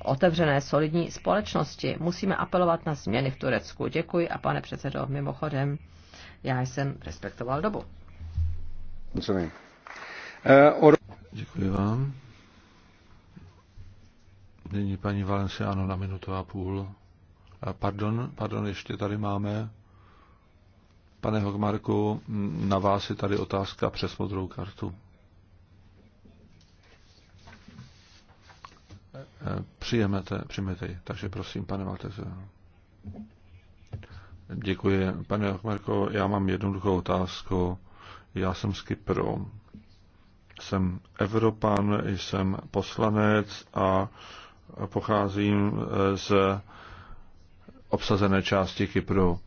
otevřené solidní společnosti. Musíme apelovat na změny v Turecku. Děkuji a pane předsedo, mimochodem, já jsem respektoval dobu. Děkuji vám. Nyní paní Valenciano na minutu a půl. A pardon, pardon, ještě tady máme. Pane Hogmarku, na vás je tady otázka přes modrou kartu. Přijemete, přijmete ji. Takže prosím, pane Mateze. Děkuji. Pane Hogmarko, já mám jednoduchou otázku. Já jsem z Kypru. Jsem Evropan, jsem poslanec a pocházím eh, z obsazené části Kypru.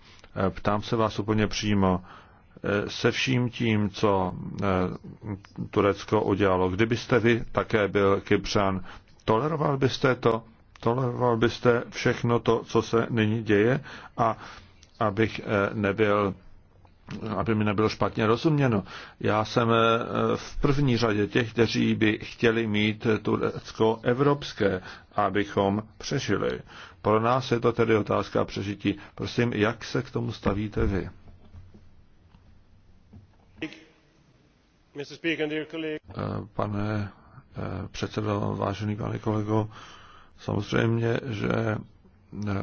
Eh, ptám se vás úplně přímo, eh, se vším tím, co Turecko udělalo, kdybyste vy také byl Kypřan, toleroval byste to? Toleroval byste všechno to, co se nyní děje? A abych nebyl aby mi nebylo špatně rozuměno, já jsem eh, v první řadě těch, kteří by chtěli mít Turecko evropské, abychom přežili. Pro nás je to tedy otázka přežití. Prosím, jak se k tomu stavíte vy? Eh, pane eh, předsedo, vážený pane kolego, samozřejmě, že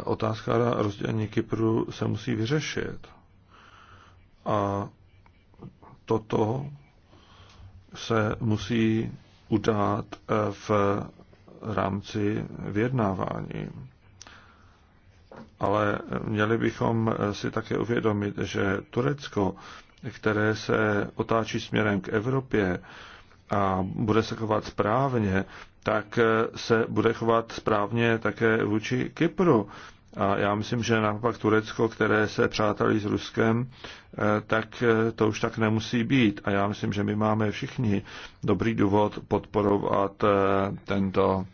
otázka rozdělení Kypru se musí vyřešit. A toto se musí udát eh, v rámci vyjednávání. Ale měli bychom eh, si také uvědomit, že Turecko, které se otáčí směrem k Evropě a bude se chovat správně, tak eh, se bude chovat správně také vůči Kypru a já myslím, že naopak Turecko, které se přátelí s Ruskem, eh, tak eh, to už tak nemusí být. A já myslím, že my máme všichni dobrý důvod podporovat eh, tento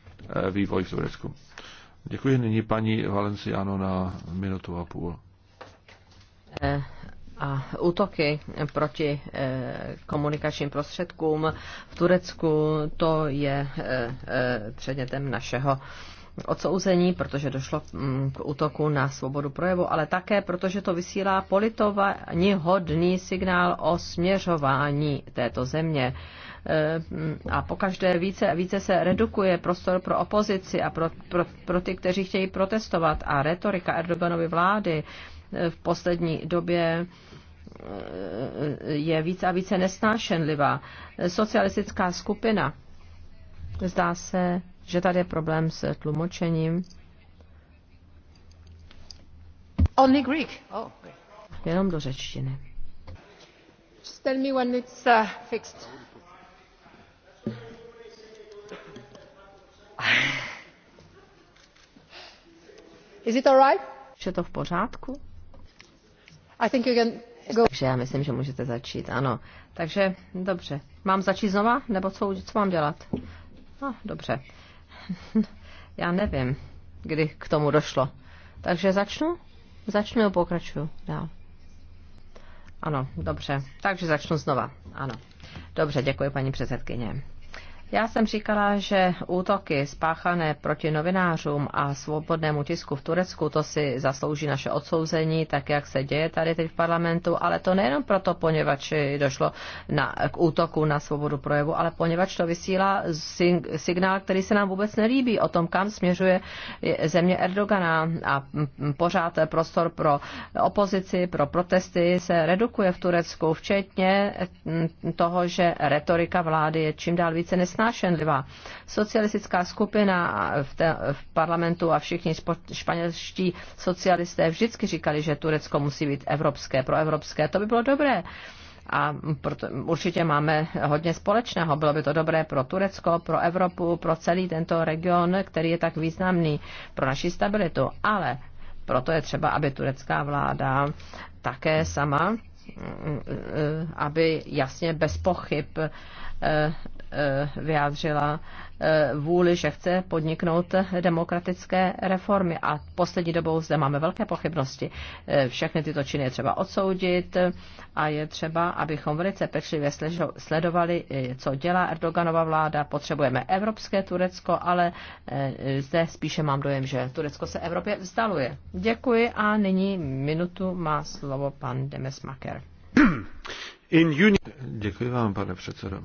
vývoj v Turecku. Děkuji nyní paní Valenciano na minutu a půl. A útoky proti komunikačním prostředkům v Turecku, to je předmětem našeho odsouzení, protože došlo mm, k útoku na svobodu projevu, ale také protože to vysílá politovaní hodný signál o směřování této země. E, mm, a pokaždé více a více se redukuje prostor pro opozici a pro, pro, pro ty, kteří chtějí protestovat. A retorika Erdoganovy vlády e, v poslední době e, je více a více nesnášenlivá. Socialistická skupina, zdá se, že tady je problém s tlumočením. Only Greek. Oh, Jenom do řečtiny. Just tell me when it's uh, fixed. Is it all right? Je to v pořádku? I think you can go. Takže já myslím, že můžete začít, ano. Takže dobře. Mám začít znova, nebo co, co mám dělat? No, dobře. já nevím, kdy k tomu došlo. Takže začnu? Začnu a pokračuju dál. Ano, dobře. Takže začnu znova. Ano. Dobře, děkuji paní předsedkyně. Já jsem říkala, že útoky spáchané proti novinářům a svobodnému tisku v Turecku, to si zaslouží naše odsouzení, tak jak se děje tady teď v parlamentu, ale to nejenom proto, poněvadž došlo na, k útoku na svobodu projevu, ale poněvadž to vysílá signál, který se nám vůbec nelíbí o tom, kam směřuje země Erdogana a pořád prostor pro opozici, pro protesty se redukuje v Turecku, včetně toho, že retorika vlády je čím dál více nesmírná nesnášenlivá. Socialistická skupina v, te, v parlamentu a všichni španělští socialisté vždycky říkali, že Turecko musí být evropské, proevropské. To by bylo dobré a proto, určitě máme hodně společného. Bylo by to dobré pro Turecko, pro Evropu, pro celý tento region, který je tak významný pro naši stabilitu. Ale proto je třeba, aby turecká vláda také sama aby jasně bez pochyb eh, eh, vyjádřila Eh, vůli, že chce podniknout demokratické reformy. A poslední dobou zde máme velké pochybnosti. Eh, všechny tyto činy je třeba odsoudit a je třeba, abychom velice pečlivě sledovali, eh, co dělá Erdoganova vláda. Potřebujeme evropské Turecko, ale zde spíše mám dojem, že Turecko se Evropě vzdaluje. Děkuji a nyní minutu má slovo pan Demesmaker. Děkuji vám, pane předsedo.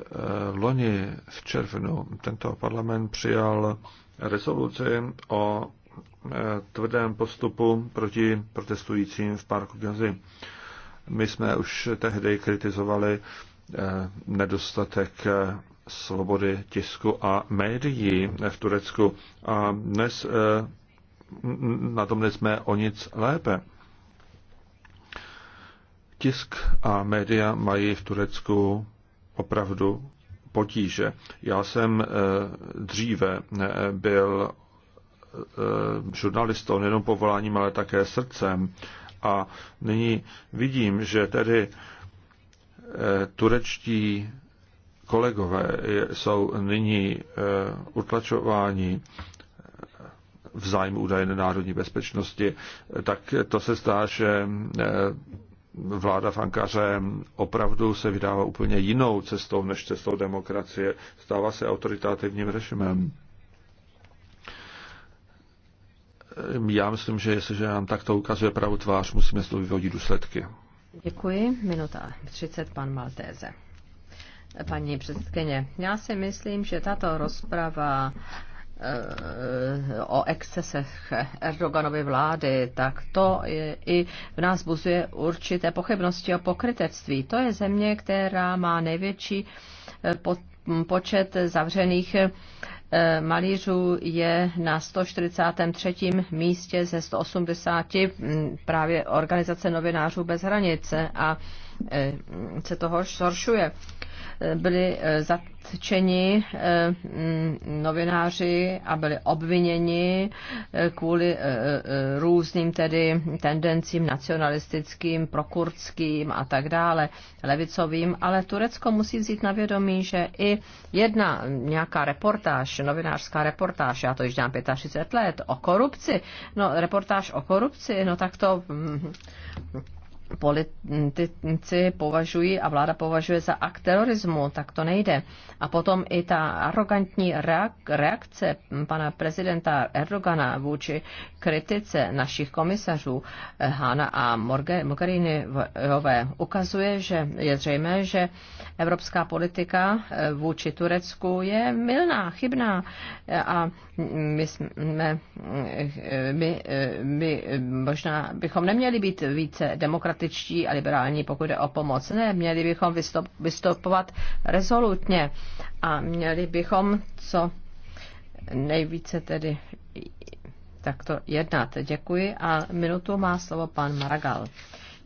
Eh, loni v červnu tento parlament přijal rezoluci o eh, tvrdém postupu proti protestujícím v parku Gazi. My jsme už tehdy kritizovali eh, nedostatek svobody tisku a médií v Turecku a dnes na tom nejsme o nic lépe. Tisk a média mají v Turecku opravdu potíže. Já jsem eh, dříve eh, byl eh, žurnalistou nejenom povoláním, ale také srdcem. A nyní vidím, že tedy turečtí kolegové jsou nyní utlačováni v zájmu údajné národní bezpečnosti, tak to se zdá, že vláda v Ankaře opravdu se vydává úplně jinou cestou než cestou demokracie. Stává se autoritativním režimem. Já myslím, že jestliže nám takto ukazuje pravou tvář, musíme z toho vyvodit důsledky. Děkuji. Minuta 30, pan Maltéze. Paní předsedkyně, já si myslím, že tato rozprava Eh, o excesech Erdoganovy vlády, tak to je, i v nás buzuje určité pochybnosti o pokrytectví. To je země, která má největší eh, počet zavřených eh, malířů je na 143. místě ze 180 hm, právě organizace novinářů bez hranice a se to zhoršuje. Horš, byli eh, zatčeni eh, mm, novináři a byli obviněni eh, kvůli různým tedy tendencím nacionalistickým, prokurdským a tak dále, levicovým, ale Turecko musí vzít na vědomí, že i jedna nějaká reportáž, novinářská reportáž, já to již dám 35 let, o korupci, no reportáž o korupci, no tak to mm, politici považují a vláda považuje za akt terorismu, tak to nejde. A potom i ta arrogantní reakce pana prezidenta Erdogana vůči kritice našich komisařů eh, Hána a Mogheriniové ukazuje, že je zřejmé, že evropská politika eh, vůči Turecku je milná, chybná a my jsme, eh, my, my možná bychom neměli být více demokratické demokratičtí a liberální, pokud je o pomoc. Ne, měli bychom vystup, vystupovat rezolutně a měli bychom co nejvíce tedy takto jednat. Děkuji a minutu má slovo pan Maragal.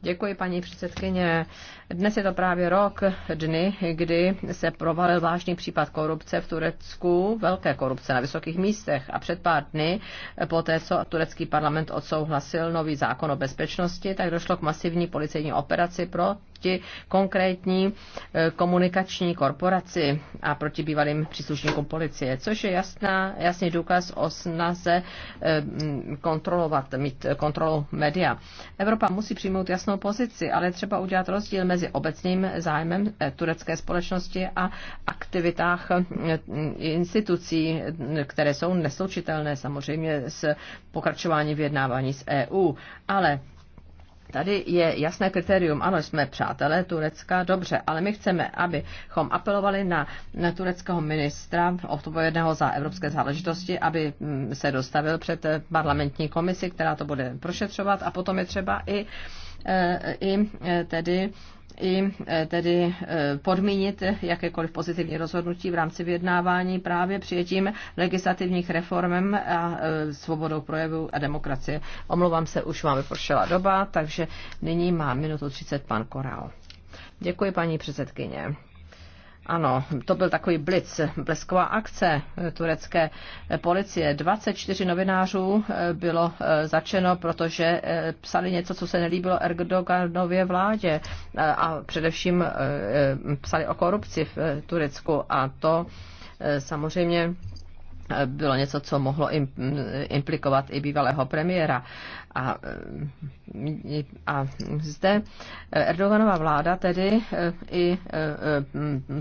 Děkuji, paní předsedkyně. Dnes je to právě rok dny, kdy se provalil vážný případ korupce v Turecku, velké korupce na vysokých místech a před pár dny, po té, co turecký parlament odsouhlasil nový zákon o bezpečnosti, tak došlo k masivní policejní operaci pro proti konkrétní eh, komunikační korporaci a proti bývalým příslušníkům policie, což je jasná, jasný důkaz o snaze eh, kontrolovat, mít kontrolu média. Evropa musí přijmout jasnou pozici, ale třeba udělat rozdíl mezi mezi obecným zájmem eh, turecké společnosti a aktivitách eh, institucí, které jsou neslučitelné samozřejmě s pokračováním vyjednávání s EU. Ale Tady je jasné kritérium, ano, jsme přátelé Turecka, dobře, ale my chceme, abychom apelovali na, na tureckého ministra odpovědného za evropské záležitosti, aby mm, se dostavil před eh, parlamentní komisi, která to bude prošetřovat a potom je třeba i uh, i e, tedy i e, tedy e, podmínit jakékoliv pozitivní rozhodnutí v rámci vyjednávání právě přijetím legislativních reform a svobodou projevu a demokracie. Omlouvám se, už máme vypršela doba, takže nyní má minutu 30 pan Korál. Děkuji, paní předsedkyně. Ano, to byl takový blitz, blesková akce turecké policie. 24 novinářů eh, bylo eh, začeno, protože eh, psali něco, co se nelíbilo Erdoganově vládě a především psali o korupci v Turecku a to samozřejmě bylo něco, co mohlo implikovat i bývalého premiéra. A, e, a zde Erdoganova vláda tedy e, i e,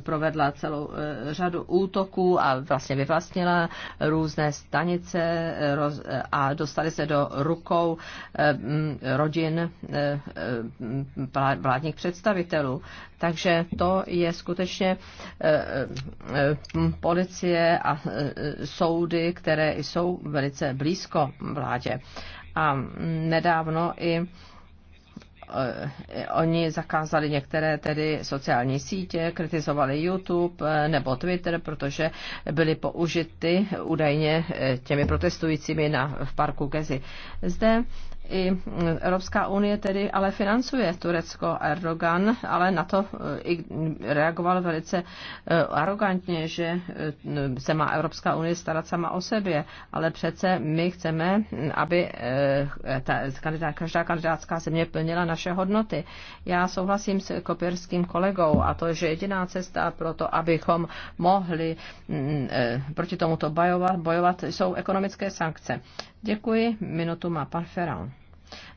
provedla celou řadu útoků a vlastně vyvlastnila různé stanice a dostali se do rukou rodin vládních představitelů. Takže to je skutečně policie a soudy, které jsou velice blízko vládě. A nedávno i e, oni zakázali některé tedy sociální sítě, kritizovali YouTube e, nebo Twitter, protože byly použity údajně e, těmi protestujícími na, v parku Gezi. Zde i Evropská unie tedy ale financuje Turecko a Erdogan, ale na to e, i reagoval velice e, arrogantně, že e, se má Evropská unie starat sama o sebe, ale přece my chceme, aby ta, kandidát, každá kandidátská země plnila naše hodnoty. Já souhlasím s kopirským kolegou a to, že jediná cesta pro to, abychom mohli proti tomuto bojovat, bojovat jsou ekonomické sankce. Děkuji, minutu má pan Ferran.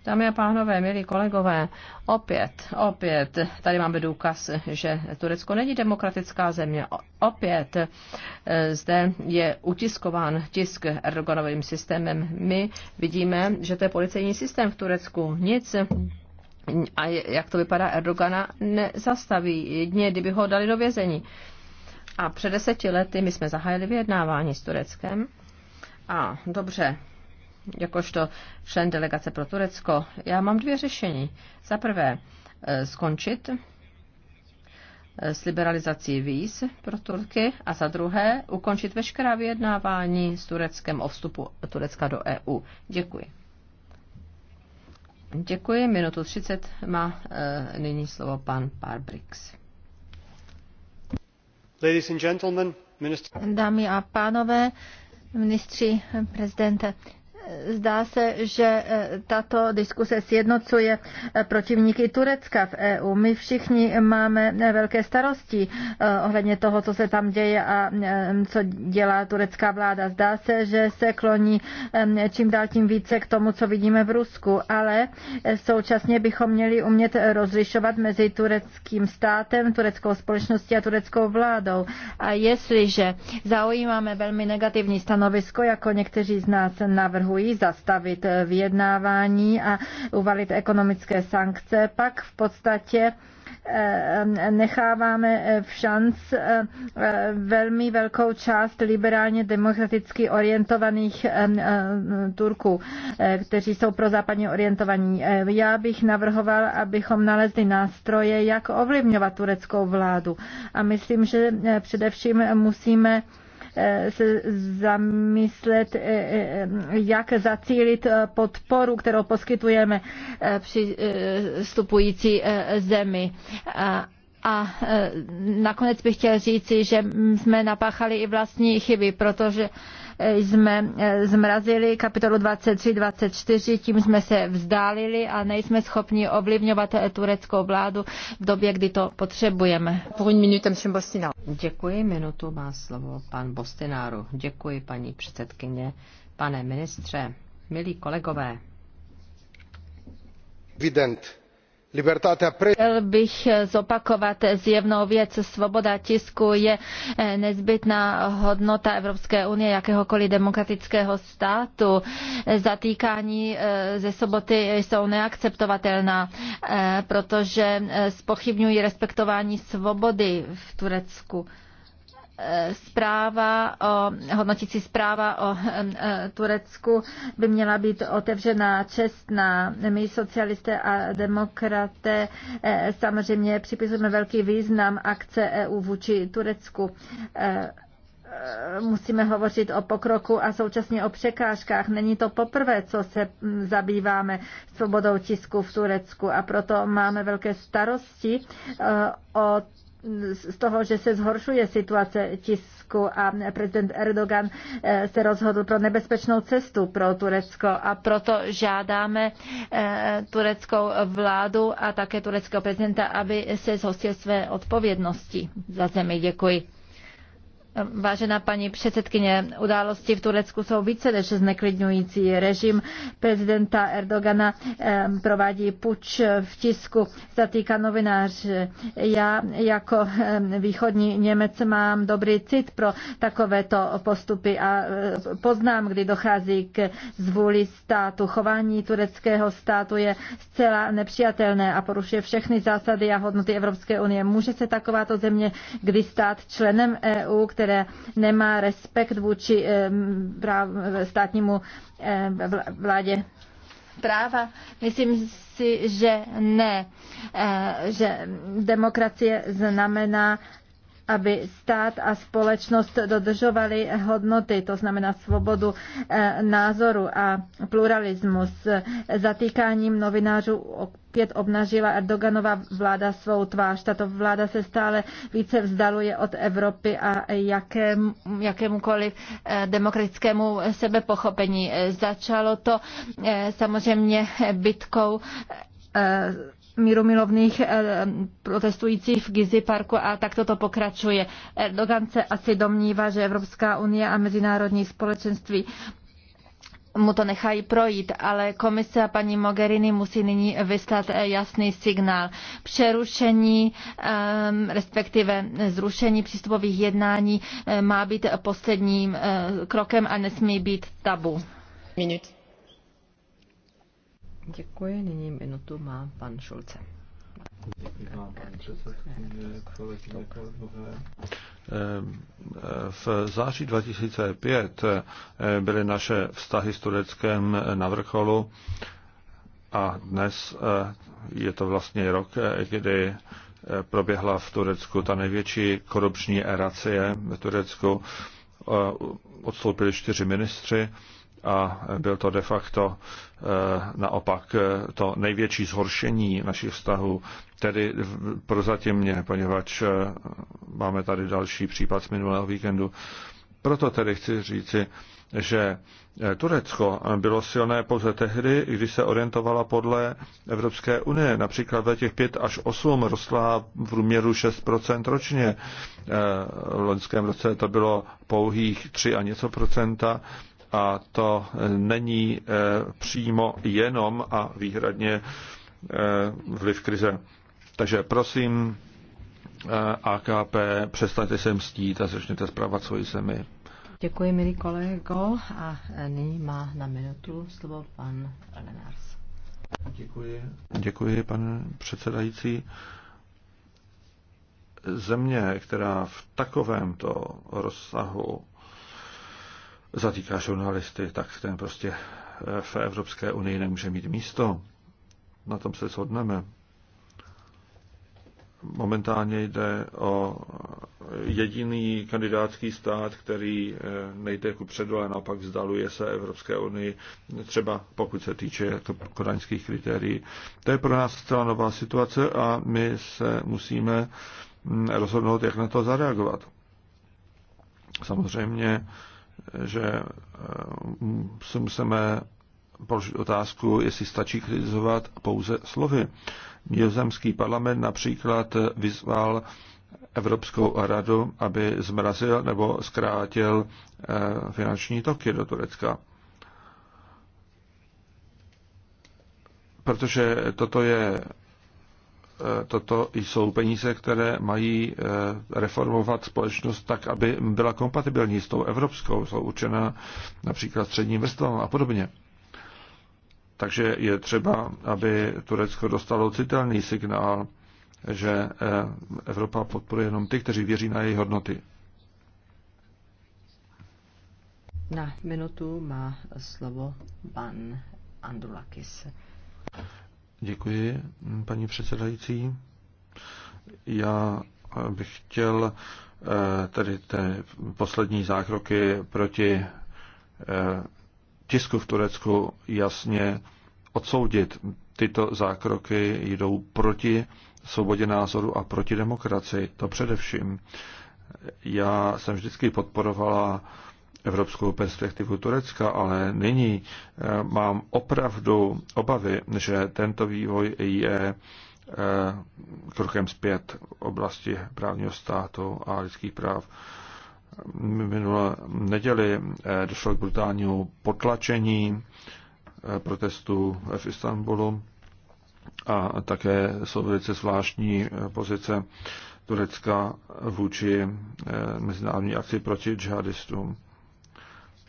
Dámy a pánové, milí kolegové, opět, opět, tady máme důkaz, že Turecko není demokratická země. Opět e, zde je utiskován tisk Erdoganovým systémem. My vidíme, že to je policejní systém v Turecku. Nic a jak to vypadá Erdogana, nezastaví. jedně, kdyby ho dali do vězení. A před deseti lety my jsme zahájili vyjednávání s Tureckem. A dobře, jakožto člen delegace pro Turecko, já mám dvě řešení. Za prvé, e, skončit e, s liberalizací víz pro Turky a za druhé ukončit veškerá vyjednávání s Tureckem o vstupu Turecka do EU. Děkuji. Děkuji. Minutu 30 má e, nyní slovo pan Parbrix. Ladies and gentlemen, minister... Dámy a pánové, ministři, prezidente, Zdá se, že e, tato diskuse sjednocuje e, protivníky Turecka v EU. My všichni máme e, velké starosti ohledně toho, co se tam děje a co dělá turecká vláda. Zdá se, že se kloní čím dál tím více k tomu, co vidíme v Rusku, ale současně bychom měli umět rozlišovat mezi tureckým státem, tureckou společností a tureckou vládou. A jestliže zaujímáme velmi negativní stanovisko, jako někteří z nás navrhují, navrhují zastavit eh, vyjednávání a uvalit ekonomické sankce, pak v podstatě eh, necháváme v eh, šanc velmi velkou část liberálně demokraticky orientovaných Turků, kteří jsou pro západně orientovaní. Já bych navrhoval, abychom nalezli nástroje, jak ovlivňovat tureckou vládu. A myslím, že především musíme Eh, se zamyslet, eh, eh, jak zacílit podporu, kterou poskytujeme při vstupující zemi. A nakonec bych chtěl říci, že jsme napáchali i vlastní chyby, protože jsme eh, zmrazili kapitolu 23-24, tím jsme se vzdálili a nejsme schopni ovlivňovat tureckou vládu v době, kdy to potřebujeme. Děkuji, minutu má slovo pan Bostináru. Děkuji, paní předsedkyně. Pane ministře, milí kolegové. Evident Chtěl bych zopakovat zjevnou věc. Svoboda tisku je eh, nezbytná hodnota Evropské unie, jakéhokoliv demokratického státu. Zatýkání eh, ze soboty jsou neakceptovatelná, eh, protože spochybňují respektování svobody v Turecku. Eh, zpráva o, hodnotící zpráva o eh, eh, Turecku by měla být otevřená, čestná. My socialisté a demokraté samozřejmě připisujeme velký význam akce EU vůči Turecku musíme hovořit o pokroku a současně o překážkách. Není to poprvé, co se hm, zabýváme svobodou tisku v Turecku a proto máme velké starosti o z toho, že se zhoršuje situace tisku a prezident Erdogan eh, se rozhodl pro nebezpečnou cestu pro Turecko a proto žádáme eh, tureckou vládu a také tureckého prezidenta, aby se zhostil své odpovědnosti za zemi. Děkuji. Vážená paní předsedkyně, události v Turecku jsou více než zneklidňující. Režim prezidenta Erdogana provádí puč v tisku, zatýká novinář. Já jako východní Němec mám dobrý cit pro takovéto postupy a e, poznám, kdy dochází k zvůli státu. Chování tureckého státu je zcela nepřijatelné a porušuje všechny zásady a hodnoty Evropské unie. Může se takováto země, kdy stát členem EU, který které nemá respekt vůči státnímu vládě práva? Myslím si, že ne. Eh, že demokracie znamená aby stát a společnost dodržovaly hodnoty, to znamená svobodu eh, názoru a pluralismus. Zatýkáním novinářů opět obnažila Erdoganova vláda svou tvář. Tato vláda se stále více vzdaluje od Evropy a jakém, jakémukoliv eh, demokratickému sebepochopení. Začalo to eh, samozřejmě bitkou mírumilovných eh, protestujících v Gizi parku a tak to pokračuje. Erdogan se asi domnívá, že Evropská unie a mezinárodní společenství mu to nechají projít, ale komise a paní Mogherini musí nyní vyslat eh, jasný signál. Přerušení, ehm, respektive zrušení přístupových jednání eh, má být posledním krokem a nesmí být tabu. Minut. Děkuji. Nyní minutu má pan Šulce. Eh, v září 2005 eh, byly naše vztahy s Tureckem na vrcholu a dnes eh, je to vlastně rok, kdy proběhla v Turecku ta největší korupční eracie v Turecku. Odstoupili čtyři ministři a byl to de facto eh, naopak eh, to největší zhoršení našich vztahů, tedy mě, poněvadž eh, máme tady další případ z minulého víkendu. Proto tedy chci říci, že Turecko bylo silné pouze tehdy, když se orientovala podle Evropské unie. Například ve těch 5 až 8 rostla v průměru 6 ročně. V loňském roce to bylo pouhých 3 a něco procenta a to není eh, přímo jenom a výhradně eh, vliv krize. Takže prosím, eh, AKP, přestaňte se mstít a začněte zpravovat svoji zemi. Děkuji, milý kolego. A nyní má na minutu slovo pan Renars. Děkuji. Děkuji, pane předsedající. Země, která v takovémto rozsahu zatýká žurnalisty, tak ten prostě eh, v Evropské unii nemůže mít místo. Na tom se shodneme. Momentálně jde o jediný kandidátský stát, který eh, nejde ku předu, ale naopak vzdaluje se Evropské unii, třeba pokud se týče kodaňských kritérií. To je pro nás zcela nová situace a my se musíme mm, rozhodnout, jak na to zareagovat. Samozřejmě že eh, si musíme položit otázku, jestli stačí kritizovat pouze slovy. Nizozemský parlament například vyzval Evropskou radu, aby zmrazil nebo zkrátil eh, finanční toky do Turecka. Protože toto je E, toto jsou peníze, které mají e, reformovat společnost tak, aby byla kompatibilní s tou evropskou, jsou určena například středním vrstvám a podobně. Takže je třeba, aby Turecko dostalo citelný signál, že e, Evropa podporuje jenom ty, kteří věří na její hodnoty. Na minutu má slovo pan Andulakis. Děkuji, paní předsedající. Já bych chtěl eh, tedy ty poslední zákroky proti eh, tisku v Turecku jasně odsoudit. Tyto zákroky jdou proti svobodě názoru a proti demokracii. To především. Já jsem vždycky podporovala evropskou perspektivu Turecka, ale nyní eh, mám opravdu obavy, že tento vývoj je eh, krokem zpět v oblasti právního státu a lidských práv. Minulé neděli eh, došlo k brutálnímu potlačení protestů v Istanbulu a také jsou velice zvláštní pozice Turecka vůči mezinárodní akci proti džihadistům.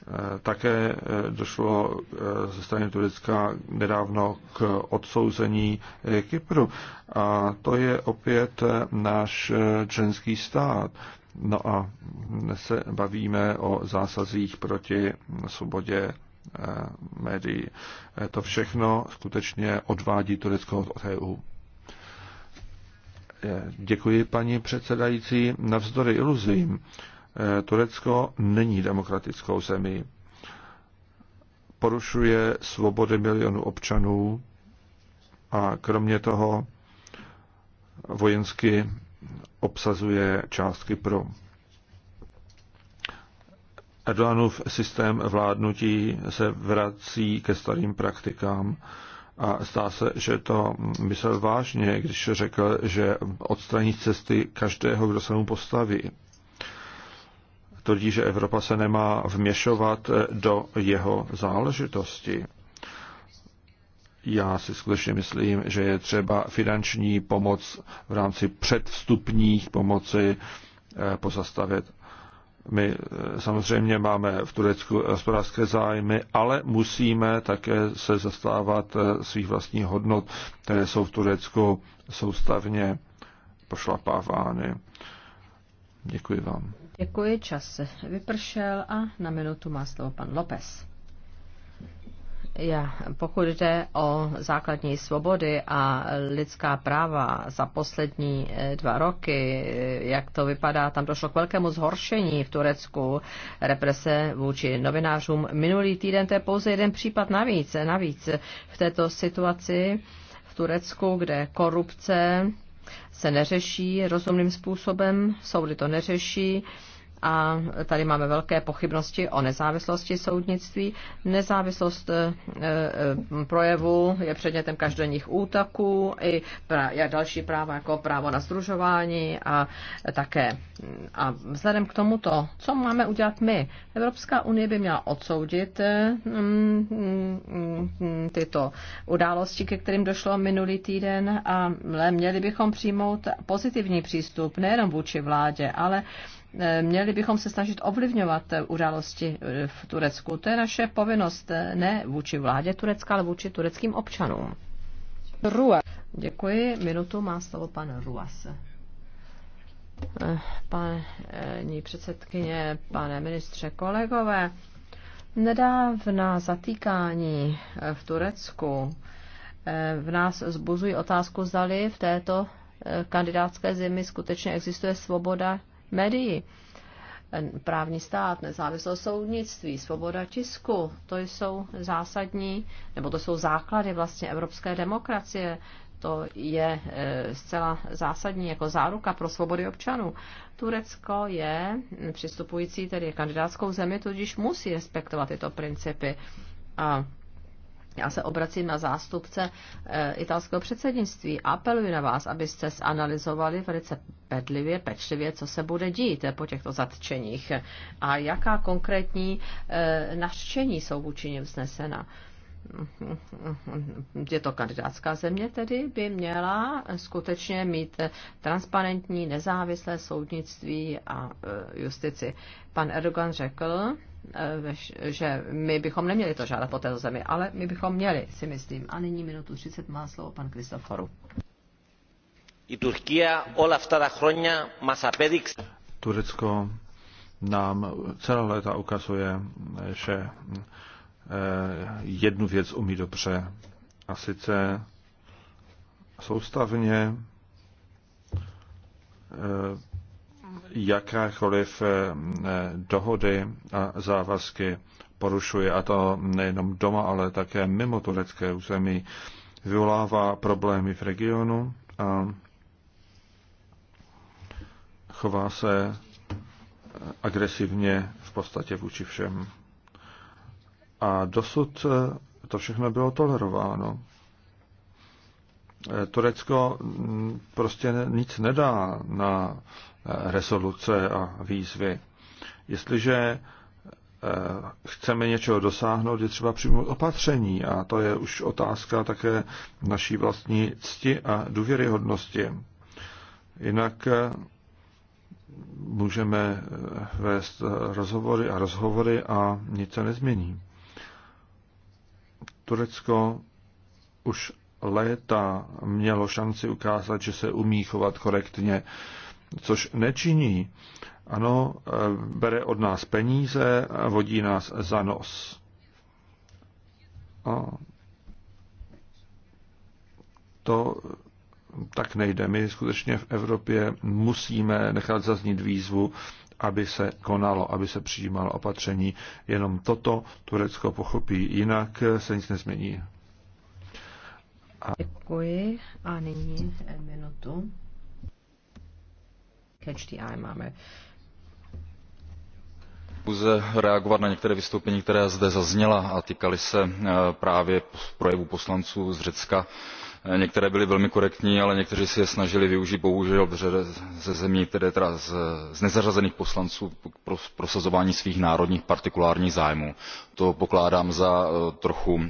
Eh, také eh, došlo eh, ze strany Turecka nedávno k odsouzení Kypru. A to je opět náš členský stát. No a dnes se bavíme o zásazích proti svobodě médií. To všechno skutečně odvádí Turecko od EU. Děkuji, paní předsedající. Navzdory iluzím, Eh, Turecko není demokratickou zemí. Porušuje svobody milionů občanů a kromě toho vojensky obsazuje částky pro. Erdoganův systém vládnutí se vrací ke starým praktikám a zdá se, že to myslel vážně, když řekl, že odstraní cesty každého, kdo se mu postaví tvrdí, že Evropa se nemá vměšovat do jeho záležitosti. Já si skutečně myslím, že je třeba finanční pomoc v rámci předvstupních pomoci eh, pozastavit. My eh, samozřejmě máme v Turecku hospodářské zájmy, ale musíme také se zastávat eh, svých vlastních hodnot, které jsou v Turecku soustavně pošlapávány. Děkuji vám. Děkuji, čas se vypršel a na minutu má slovo pan López. Já, pokud jde o základní svobody a lidská práva za poslední eh, dva roky, eh, jak to vypadá, tam došlo k velkému zhoršení v Turecku represe vůči novinářům. Minulý týden to je pouze jeden případ navíc. Navíc v této situaci v Turecku, kde korupce se neřeší rozumným způsobem, soudy to neřeší a tady máme velké pochybnosti o nezávislosti soudnictví. Nezávislost e, e, projevu je předmětem každodenních útaků i další práva jako právo na združování a také a vzhledem k tomuto, co máme udělat my? Evropská unie by měla odsoudit e, tyto události, ke kterým došlo minulý týden, ale měli bychom přijmout pozitivní přístup nejenom vůči vládě, ale Eh, měli bychom se snažit ovlivňovat eh, události eh, v Turecku. To je naše povinnost ne vůči vládě Turecka, ale vůči tureckým občanům. Rua. Děkuji. Minutu má slovo pan Ruas. Paní předsedkyně, pane ministře, kolegové, nedávná zatýkání v Turecku v nás zbuzují otázku, zdali v této kandidátské zemi skutečně existuje svoboda médií, právní stát, nezávislost soudnictví, svoboda tisku, to jsou zásadní, nebo to jsou základy vlastně evropské demokracie, to je e, zcela zásadní jako záruka pro svobody občanů. Turecko je přistupující tedy kandidátskou zemi, tudíž musí respektovat tyto principy. A já se obracím na zástupce eh, italského předsednictví. Apeluji na vás, abyste zanalizovali velice bedlivě, pečlivě, co se bude dít eh, po těchto zatčeních a jaká konkrétní eh, nařčení jsou vůči nim vznesena je to kandidátská země tedy, by měla skutečně mít transparentní, nezávislé soudnictví a justici. Pan Erdogan řekl, Eh, že my bychom neměli to žádat po této zemi, ale my bychom měli, si myslím. A nyní minutu 30 má slovo pan Kristoforu. I Turkia Olaf αυτά τα Turecko nám celá léta ukazuje, že eh, jednu věc umí dobře. A sice soustavně eh, jakékoliv eh, dohody a závazky porušuje, a to nejenom doma, ale také mimo turecké území, vyvolává problémy v regionu a chová se agresivně v podstatě vůči všem. A dosud eh, to všechno bylo tolerováno. Eh, Turecko mm, prostě nic nedá na rezoluce a výzvy. Jestliže eh, chceme něčeho dosáhnout, je třeba přijmout opatření a to je už otázka také naší vlastní cti a důvěryhodnosti. Jinak eh, můžeme eh, vést rozhovory a rozhovory a nic se nezmění. Turecko už léta mělo šanci ukázat, že se umí chovat korektně což nečiní. Ano, eh, bere od nás peníze a vodí nás za nos. A to eh, tak nejde. My skutečně v Evropě musíme nechat zaznít výzvu, aby se konalo, aby se přijímalo opatření. Jenom toto Turecko pochopí, jinak eh, se nic nezmění. A... Děkuji a nyní minutu. Catch the Eye máme pouze reagovat na některé vystoupení které zde zazněla a týkaly se eh, právě projevu poslanců z řecka. Eh, některé byly velmi korektní ale někteří si je snažili využít bohužel ze zemí tedy z nezařazených poslanců pro prosazování svých národních partikulárních zájmů. to pokládám za eh, trochu,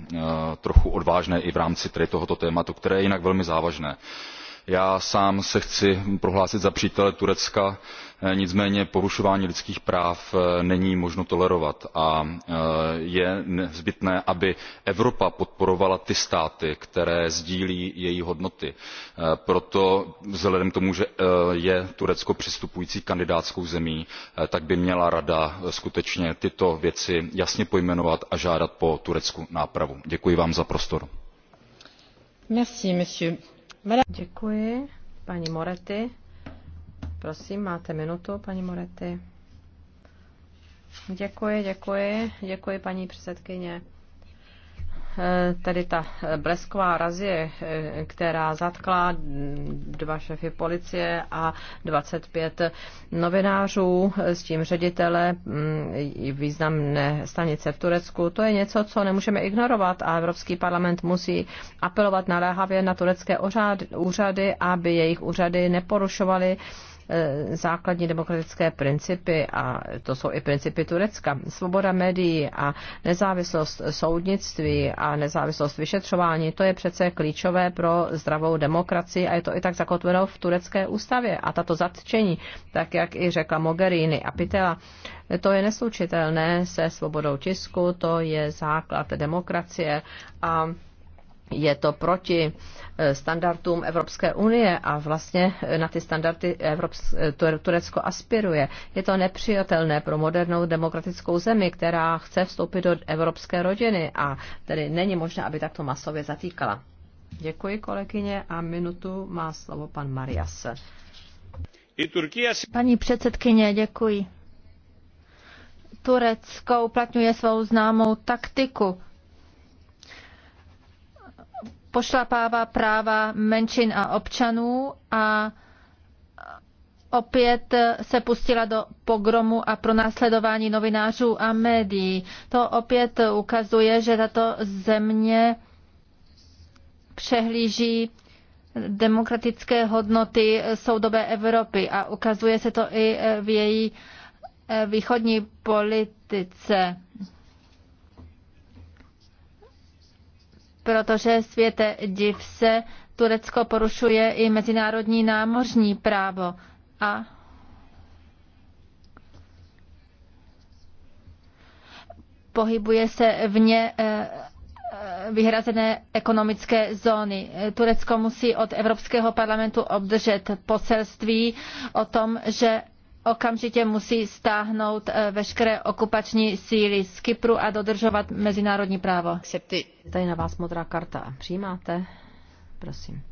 trochu odvážné i v rámci tohoto tématu které je jinak velmi závažné já sám se chci prohlásit za přítele turecka eh, nicméně porušování lidských práv eh, není možno tolerovat a eh, je nezbytné aby evropa podporovala ty státy které sdílí její hodnoty. proto vzhledem k tomu že je turecko přistupující kandidátskou zemí tak by měla rada skutečně tyto věci jasně pojmenovat a žádat po turecku nápravu. děkuji vám za prostor. Děkuji. Paní Morety. Prosím, máte minutu, paní Morety. Děkuji, děkuji, děkuji, paní předsedkyně. Eh, tedy ta eh, blesková razie, eh, která zatkla dva šefy policie a 25 novinářů s tím ředitele mm, významné stanice v Turecku, to je něco, co nemůžeme ignorovat a Evropský parlament musí apelovat naléhavě na turecké úřady, aby jejich úřady neporušovaly Eh, základní demokratické principy, a to jsou i principy Turecka, svoboda médií a nezávislost soudnictví a nezávislost vyšetřování, to je přece klíčové pro zdravou demokracii a je to i tak zakotveno v turecké ústavě. A tato zatčení, tak jak i řekla Mogherini a Pitela, to je neslučitelné se svobodou tisku, to je základ demokracie a je to proti eh, standardům Evropské unie a vlastně eh, na ty standardy eh, Turecko aspiruje. Je to nepřijatelné pro modernou demokratickou zemi, která chce vstoupit do evropské rodiny a tedy není možné, aby takto masově zatýkala. Děkuji kolegyně a minutu má slovo pan Marias. Paní předsedkyně, děkuji. Turecko uplatňuje svou známou taktiku pošlapává práva menšin a občanů a opět se pustila do pogromu a pronásledování novinářů a médií. To opět ukazuje, že tato země přehlíží demokratické hodnoty soudobé Evropy a ukazuje se to i v její eh, východní politice. protože světe div se, Turecko porušuje i mezinárodní námořní právo a pohybuje se vně eh, eh, vyhrazené ekonomické zóny. Turecko musí od Evropského parlamentu obdržet poselství o tom, že okamžitě musí stáhnout eh, veškeré okupační síly z Kypru a dodržovat mezinárodní právo. Tady na vás modrá karta. Přijímáte? Prosím.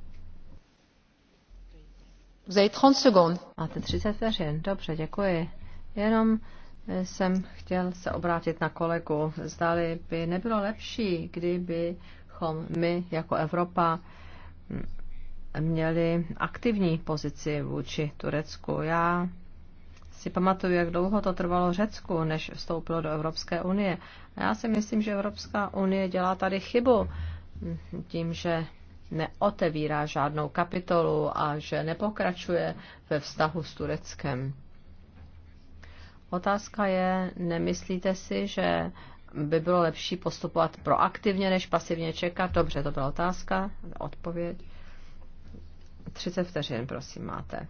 Máte 30 vteřin. Dobře, děkuji. Jenom eh, jsem chtěl se obrátit na kolegu. Zdali by nebylo lepší, kdybychom my jako Evropa hm, měli aktivní pozici vůči Turecku. Já si pamatuju, jak dlouho to trvalo Řecku, než vstoupilo do Evropské unie. A já si myslím, že Evropská unie dělá tady chybu tím, že neotevírá žádnou kapitolu a že nepokračuje ve vztahu s Tureckem. Otázka je, nemyslíte si, že by bylo lepší postupovat proaktivně, než pasivně čekat? Dobře, to byla otázka, odpověď. 30 vteřin, prosím, máte.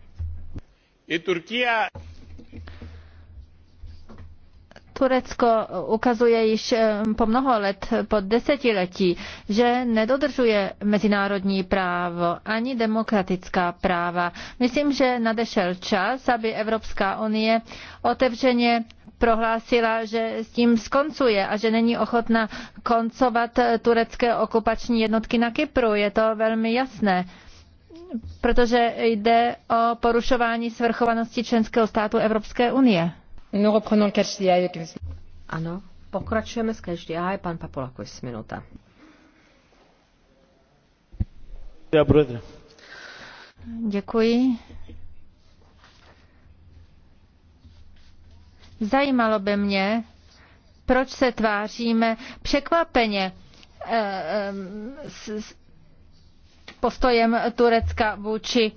Turecko ukazuje již eh, po mnoho let, po desetiletí, že nedodržuje mezinárodní právo ani demokratická práva. Myslím, že nadešel čas, aby Evropská unie otevřeně prohlásila, že s tím skoncuje a že není ochotna koncovat turecké okupační jednotky na Kypru. Je to velmi jasné protože jde o porušování svrchovanosti členského státu Evropské unie. Ano, pokračujeme s každý a pan Papolakos minuta. Děkuji. Zajímalo by mě, proč se tváříme překvapeně eh, eh, s, postojem Turecka vůči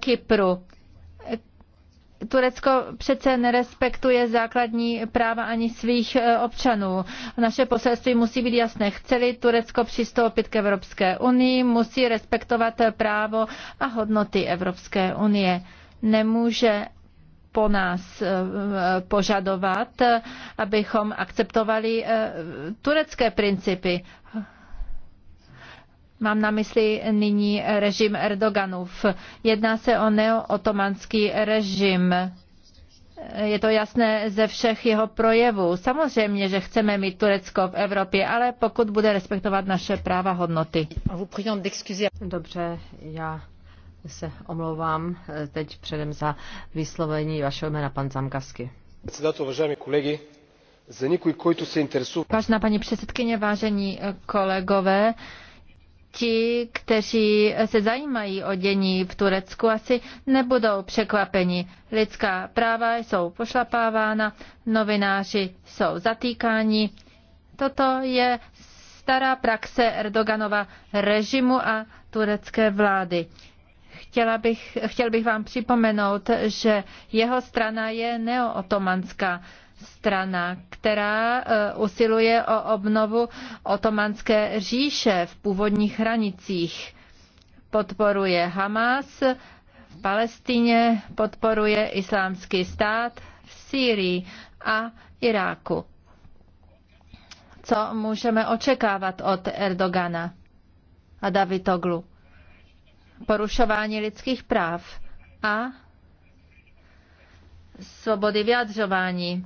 Kypru. Turecko přece nerespektuje základní práva ani svých e, občanů. Naše poselství musí být jasné. Chceli Turecko přistoupit k Evropské unii, musí respektovat právo a hodnoty Evropské unie. Nemůže po nás e, e, požadovat, abychom akceptovali turecké principy. Mám na mysli nyní režim Erdoganův. Jedná se o neootomanský režim. Je to jasné ze všech jeho projevů. Samozřejmě, že chceme mít Turecko v Evropě, ale pokud bude respektovat naše práva hodnoty. Dobře, já se omlouvám eh, teď předem za vyslovení vašeho jména pan Zamkavsky. kolegy, kdo se Vážená paní předsedkyně, vážení eh, kolegové, ti, kteří se zajímají o dění v Turecku, asi nebudou překvapeni. Lidská práva jsou pošlapávána, novináři jsou zatýkáni. Toto je stará praxe Erdoganova režimu a turecké vlády. Chtěla bych, chtěl bych vám připomenout, že jeho strana je neootomanská strana, která eh, usiluje o obnovu otomanské říše v původních hranicích. Podporuje Hamas v Palestině, podporuje islámský stát v Sýrii a Iráku. Co můžeme očekávat od Erdogana a Davitoglu? Porušování lidských práv a svobody vyjadřování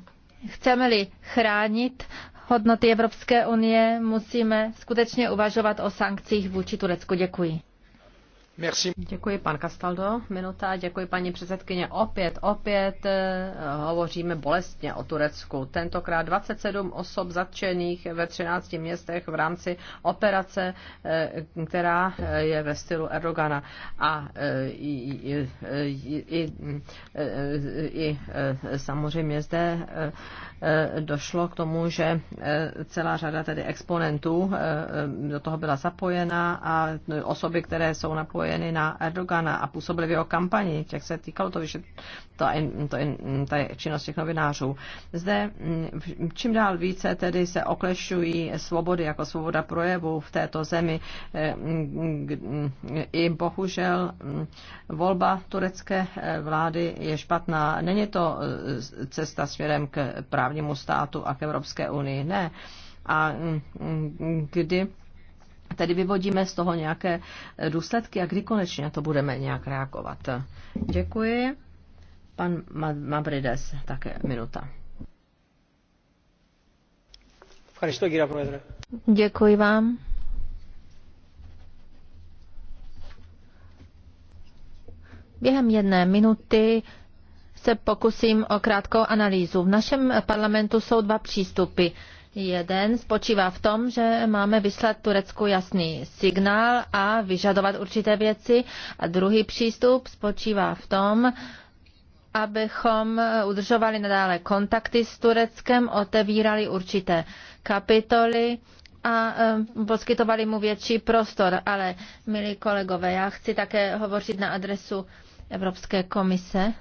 Chceme-li chránit hodnoty Evropské unie, musíme skutečně uvažovat o sankcích vůči Turecku. Děkuji. Merci. Děkuji, pan Castaldo. Minuta. Děkuji, paní předsedkyně. Opět, opět eh, hovoříme bolestně o Turecku. Tentokrát 27 osob zatčených ve 13 městech v rámci operace, eh, která eh, je ve stylu Erdogana. A i, i, i, i samozřejmě zde došlo k tomu, že celá řada tedy exponentů do toho byla zapojena a osoby, které jsou napojené, napojeny na Erdogana a působily v jeho kampani, jak se týkalo to, že to to je činnost těch novinářů. Zde mm, čím dál více tedy se oklešují svobody jako svoboda projevu v této zemi. Eh, mm, mm, I bohužel volba turecké eh, vlády je špatná. Není to eh, cesta směrem k právnímu státu a k Evropské unii, ne. A kdy tedy vyvodíme z toho nějaké eh, důsledky a kdy konečně na to budeme nějak reagovat. Děkuji. Pan Mabrides, také minuta. Děkuji vám. Během jedné minuty se pokusím o krátkou analýzu. V našem parlamentu jsou dva přístupy. Jeden spočívá v tom, že máme vyslat Turecku jasný signál a vyžadovat určité věci. A druhý přístup spočívá v tom, abychom udržovali nadále kontakty s Tureckem, otevírali určité kapitoly a eh, poskytovali mu větší prostor. Ale, milí kolegové, já chci také hovořit na adresu Evropské komise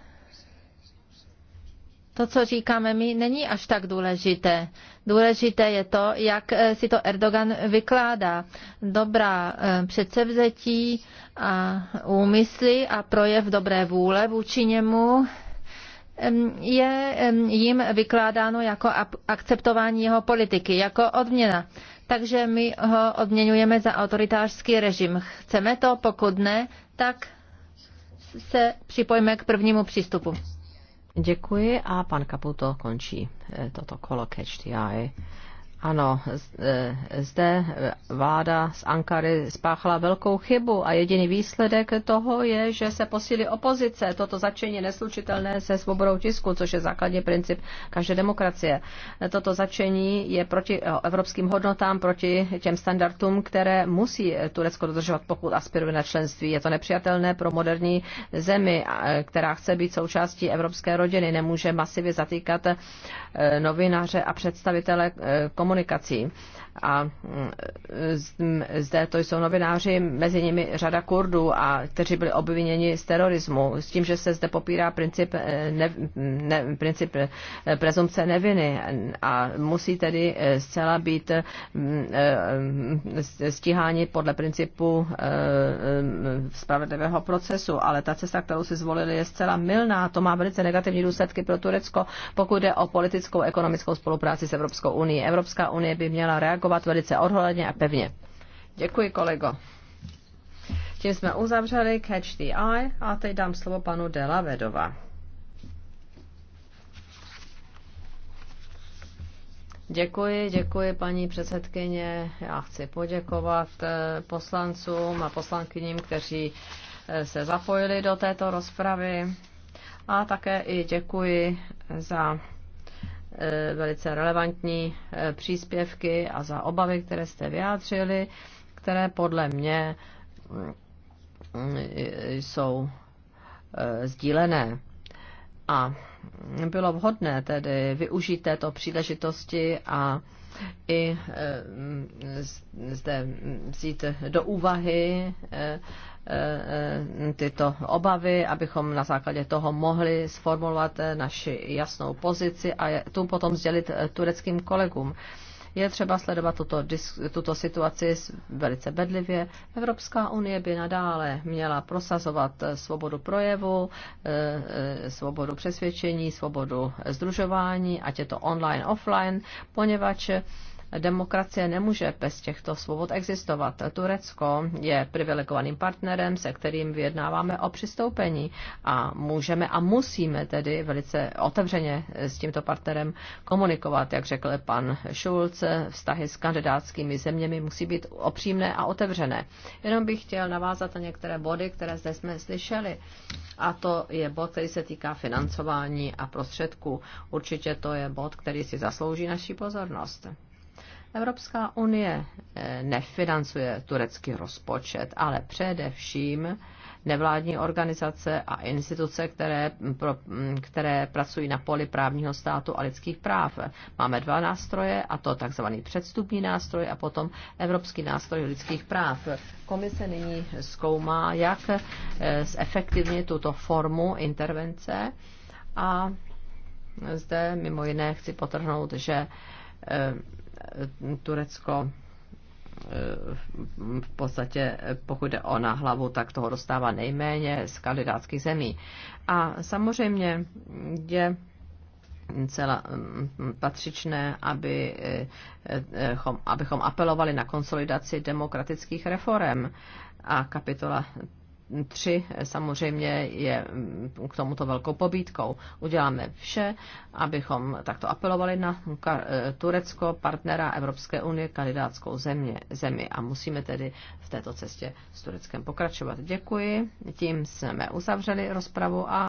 to, co říkáme my, není až tak důležité. Důležité je to, jak eh, si to Erdogan vykládá. Dobrá eh, předsevzetí a úmysly a projev dobré vůle vůči němu je jim vykládáno jako akceptování jeho politiky, jako odměna. Takže my ho odměňujeme za autoritářský režim. Chceme to, pokud ne, tak se připojíme k prvnímu přístupu. Děkuji a pan Kaputo končí eh, toto kolo Catch the Eye. Ano, e, zde vláda z Ankary spáchala velkou chybu a jediný výsledek toho je, že se posílí opozice. Toto začení neslučitelné se svobodou tisku, což je základní princip každé demokracie. Toto začení je proti e, evropským hodnotám, proti těm standardům, které musí Turecko dodržovat, pokud aspiruje na členství. Je to nepřijatelné pro moderní zemi, která chce být součástí evropské rodiny. Nemůže masivně zatýkat e, novináře a představitele komunikace komunikací. A mm, e, zde to jsou novináři, mezi nimi řada Kurdů, a kteří byli obviněni z terorismu, s tím, že se zde popírá princip, e, ne, ne, princip e, prezumce neviny a musí tedy zcela být stíháni podle principu spravedlivého procesu, ale ta cesta, kterou si zvolili, je zcela milná. To má velice negativní důsledky pro Turecko, pokud jde o politickou ekonomickou spolupráci s Evropskou unii. Evropská Evropská unie by měla reagovat velice odhodlaně a pevně. Děkuji, kolego. Tím jsme uzavřeli Catch the Eye a teď dám slovo panu Dela Vedova. Děkuji, děkuji paní předsedkyně. Já chci poděkovat eh, poslancům a poslankyním, kteří eh, se zapojili do této rozpravy. A také i děkuji za Eh, velice relevantní eh, příspěvky a za obavy, které jste vyjádřili, které podle mě mm, jsou eh, sdílené. A bylo vhodné tedy využít této příležitosti a i zde vzít do úvahy Eh, eh, tyto obavy, abychom na základě toho mohli sformulovat eh, naši jasnou pozici a tu potom sdělit tureckým kolegům. Je třeba sledovat tuto, tuto situaci velice bedlivě. Evropská unie by nadále měla prosazovat svobodu projevu, svobodu přesvědčení, svobodu združování, ať je to online, offline, poněvadž Demokracie nemůže bez těchto svobod existovat. Turecko je privilegovaným partnerem, se kterým vyjednáváme o přistoupení a můžeme a musíme tedy velice otevřeně s tímto partnerem komunikovat. Jak řekl pan Schulz, vztahy s kandidátskými zeměmi musí být opřímné a otevřené. Jenom bych chtěl navázat na některé body, které zde jsme slyšeli. A to je bod, který se týká financování a prostředků. Určitě to je bod, který si zaslouží naší pozornost. Evropská unie eh, nefinancuje turecký rozpočet, ale především nevládní organizace a instituce, které, pro, mm, které pracují na poli právního státu a lidských práv. Máme dva nástroje, a to takzvaný předstupní nástroj a potom Evropský nástroj lidských práv. Komise nyní zkoumá, jak eh, zefektivnit tuto formu intervence a zde mimo jiné chci potrhnout, že eh, Eh, Turecko eh, v podstatě, eh, pokud jde o hlavu tak toho dostává nejméně z kandidátských zemí. A samozřejmě je celá mm, patřičné, aby, abychom apelovali na konsolidaci demokratických reform. A kapitola Tři samozřejmě je mm, k tomuto velkou pobídkou. Uděláme vše, abychom takto apelovali na eh, Turecko, partnera Evropské unie, kandidátskou země, zemi a musíme tedy v této cestě s Tureckem pokračovat. Děkuji, tím jsme uzavřeli rozpravu a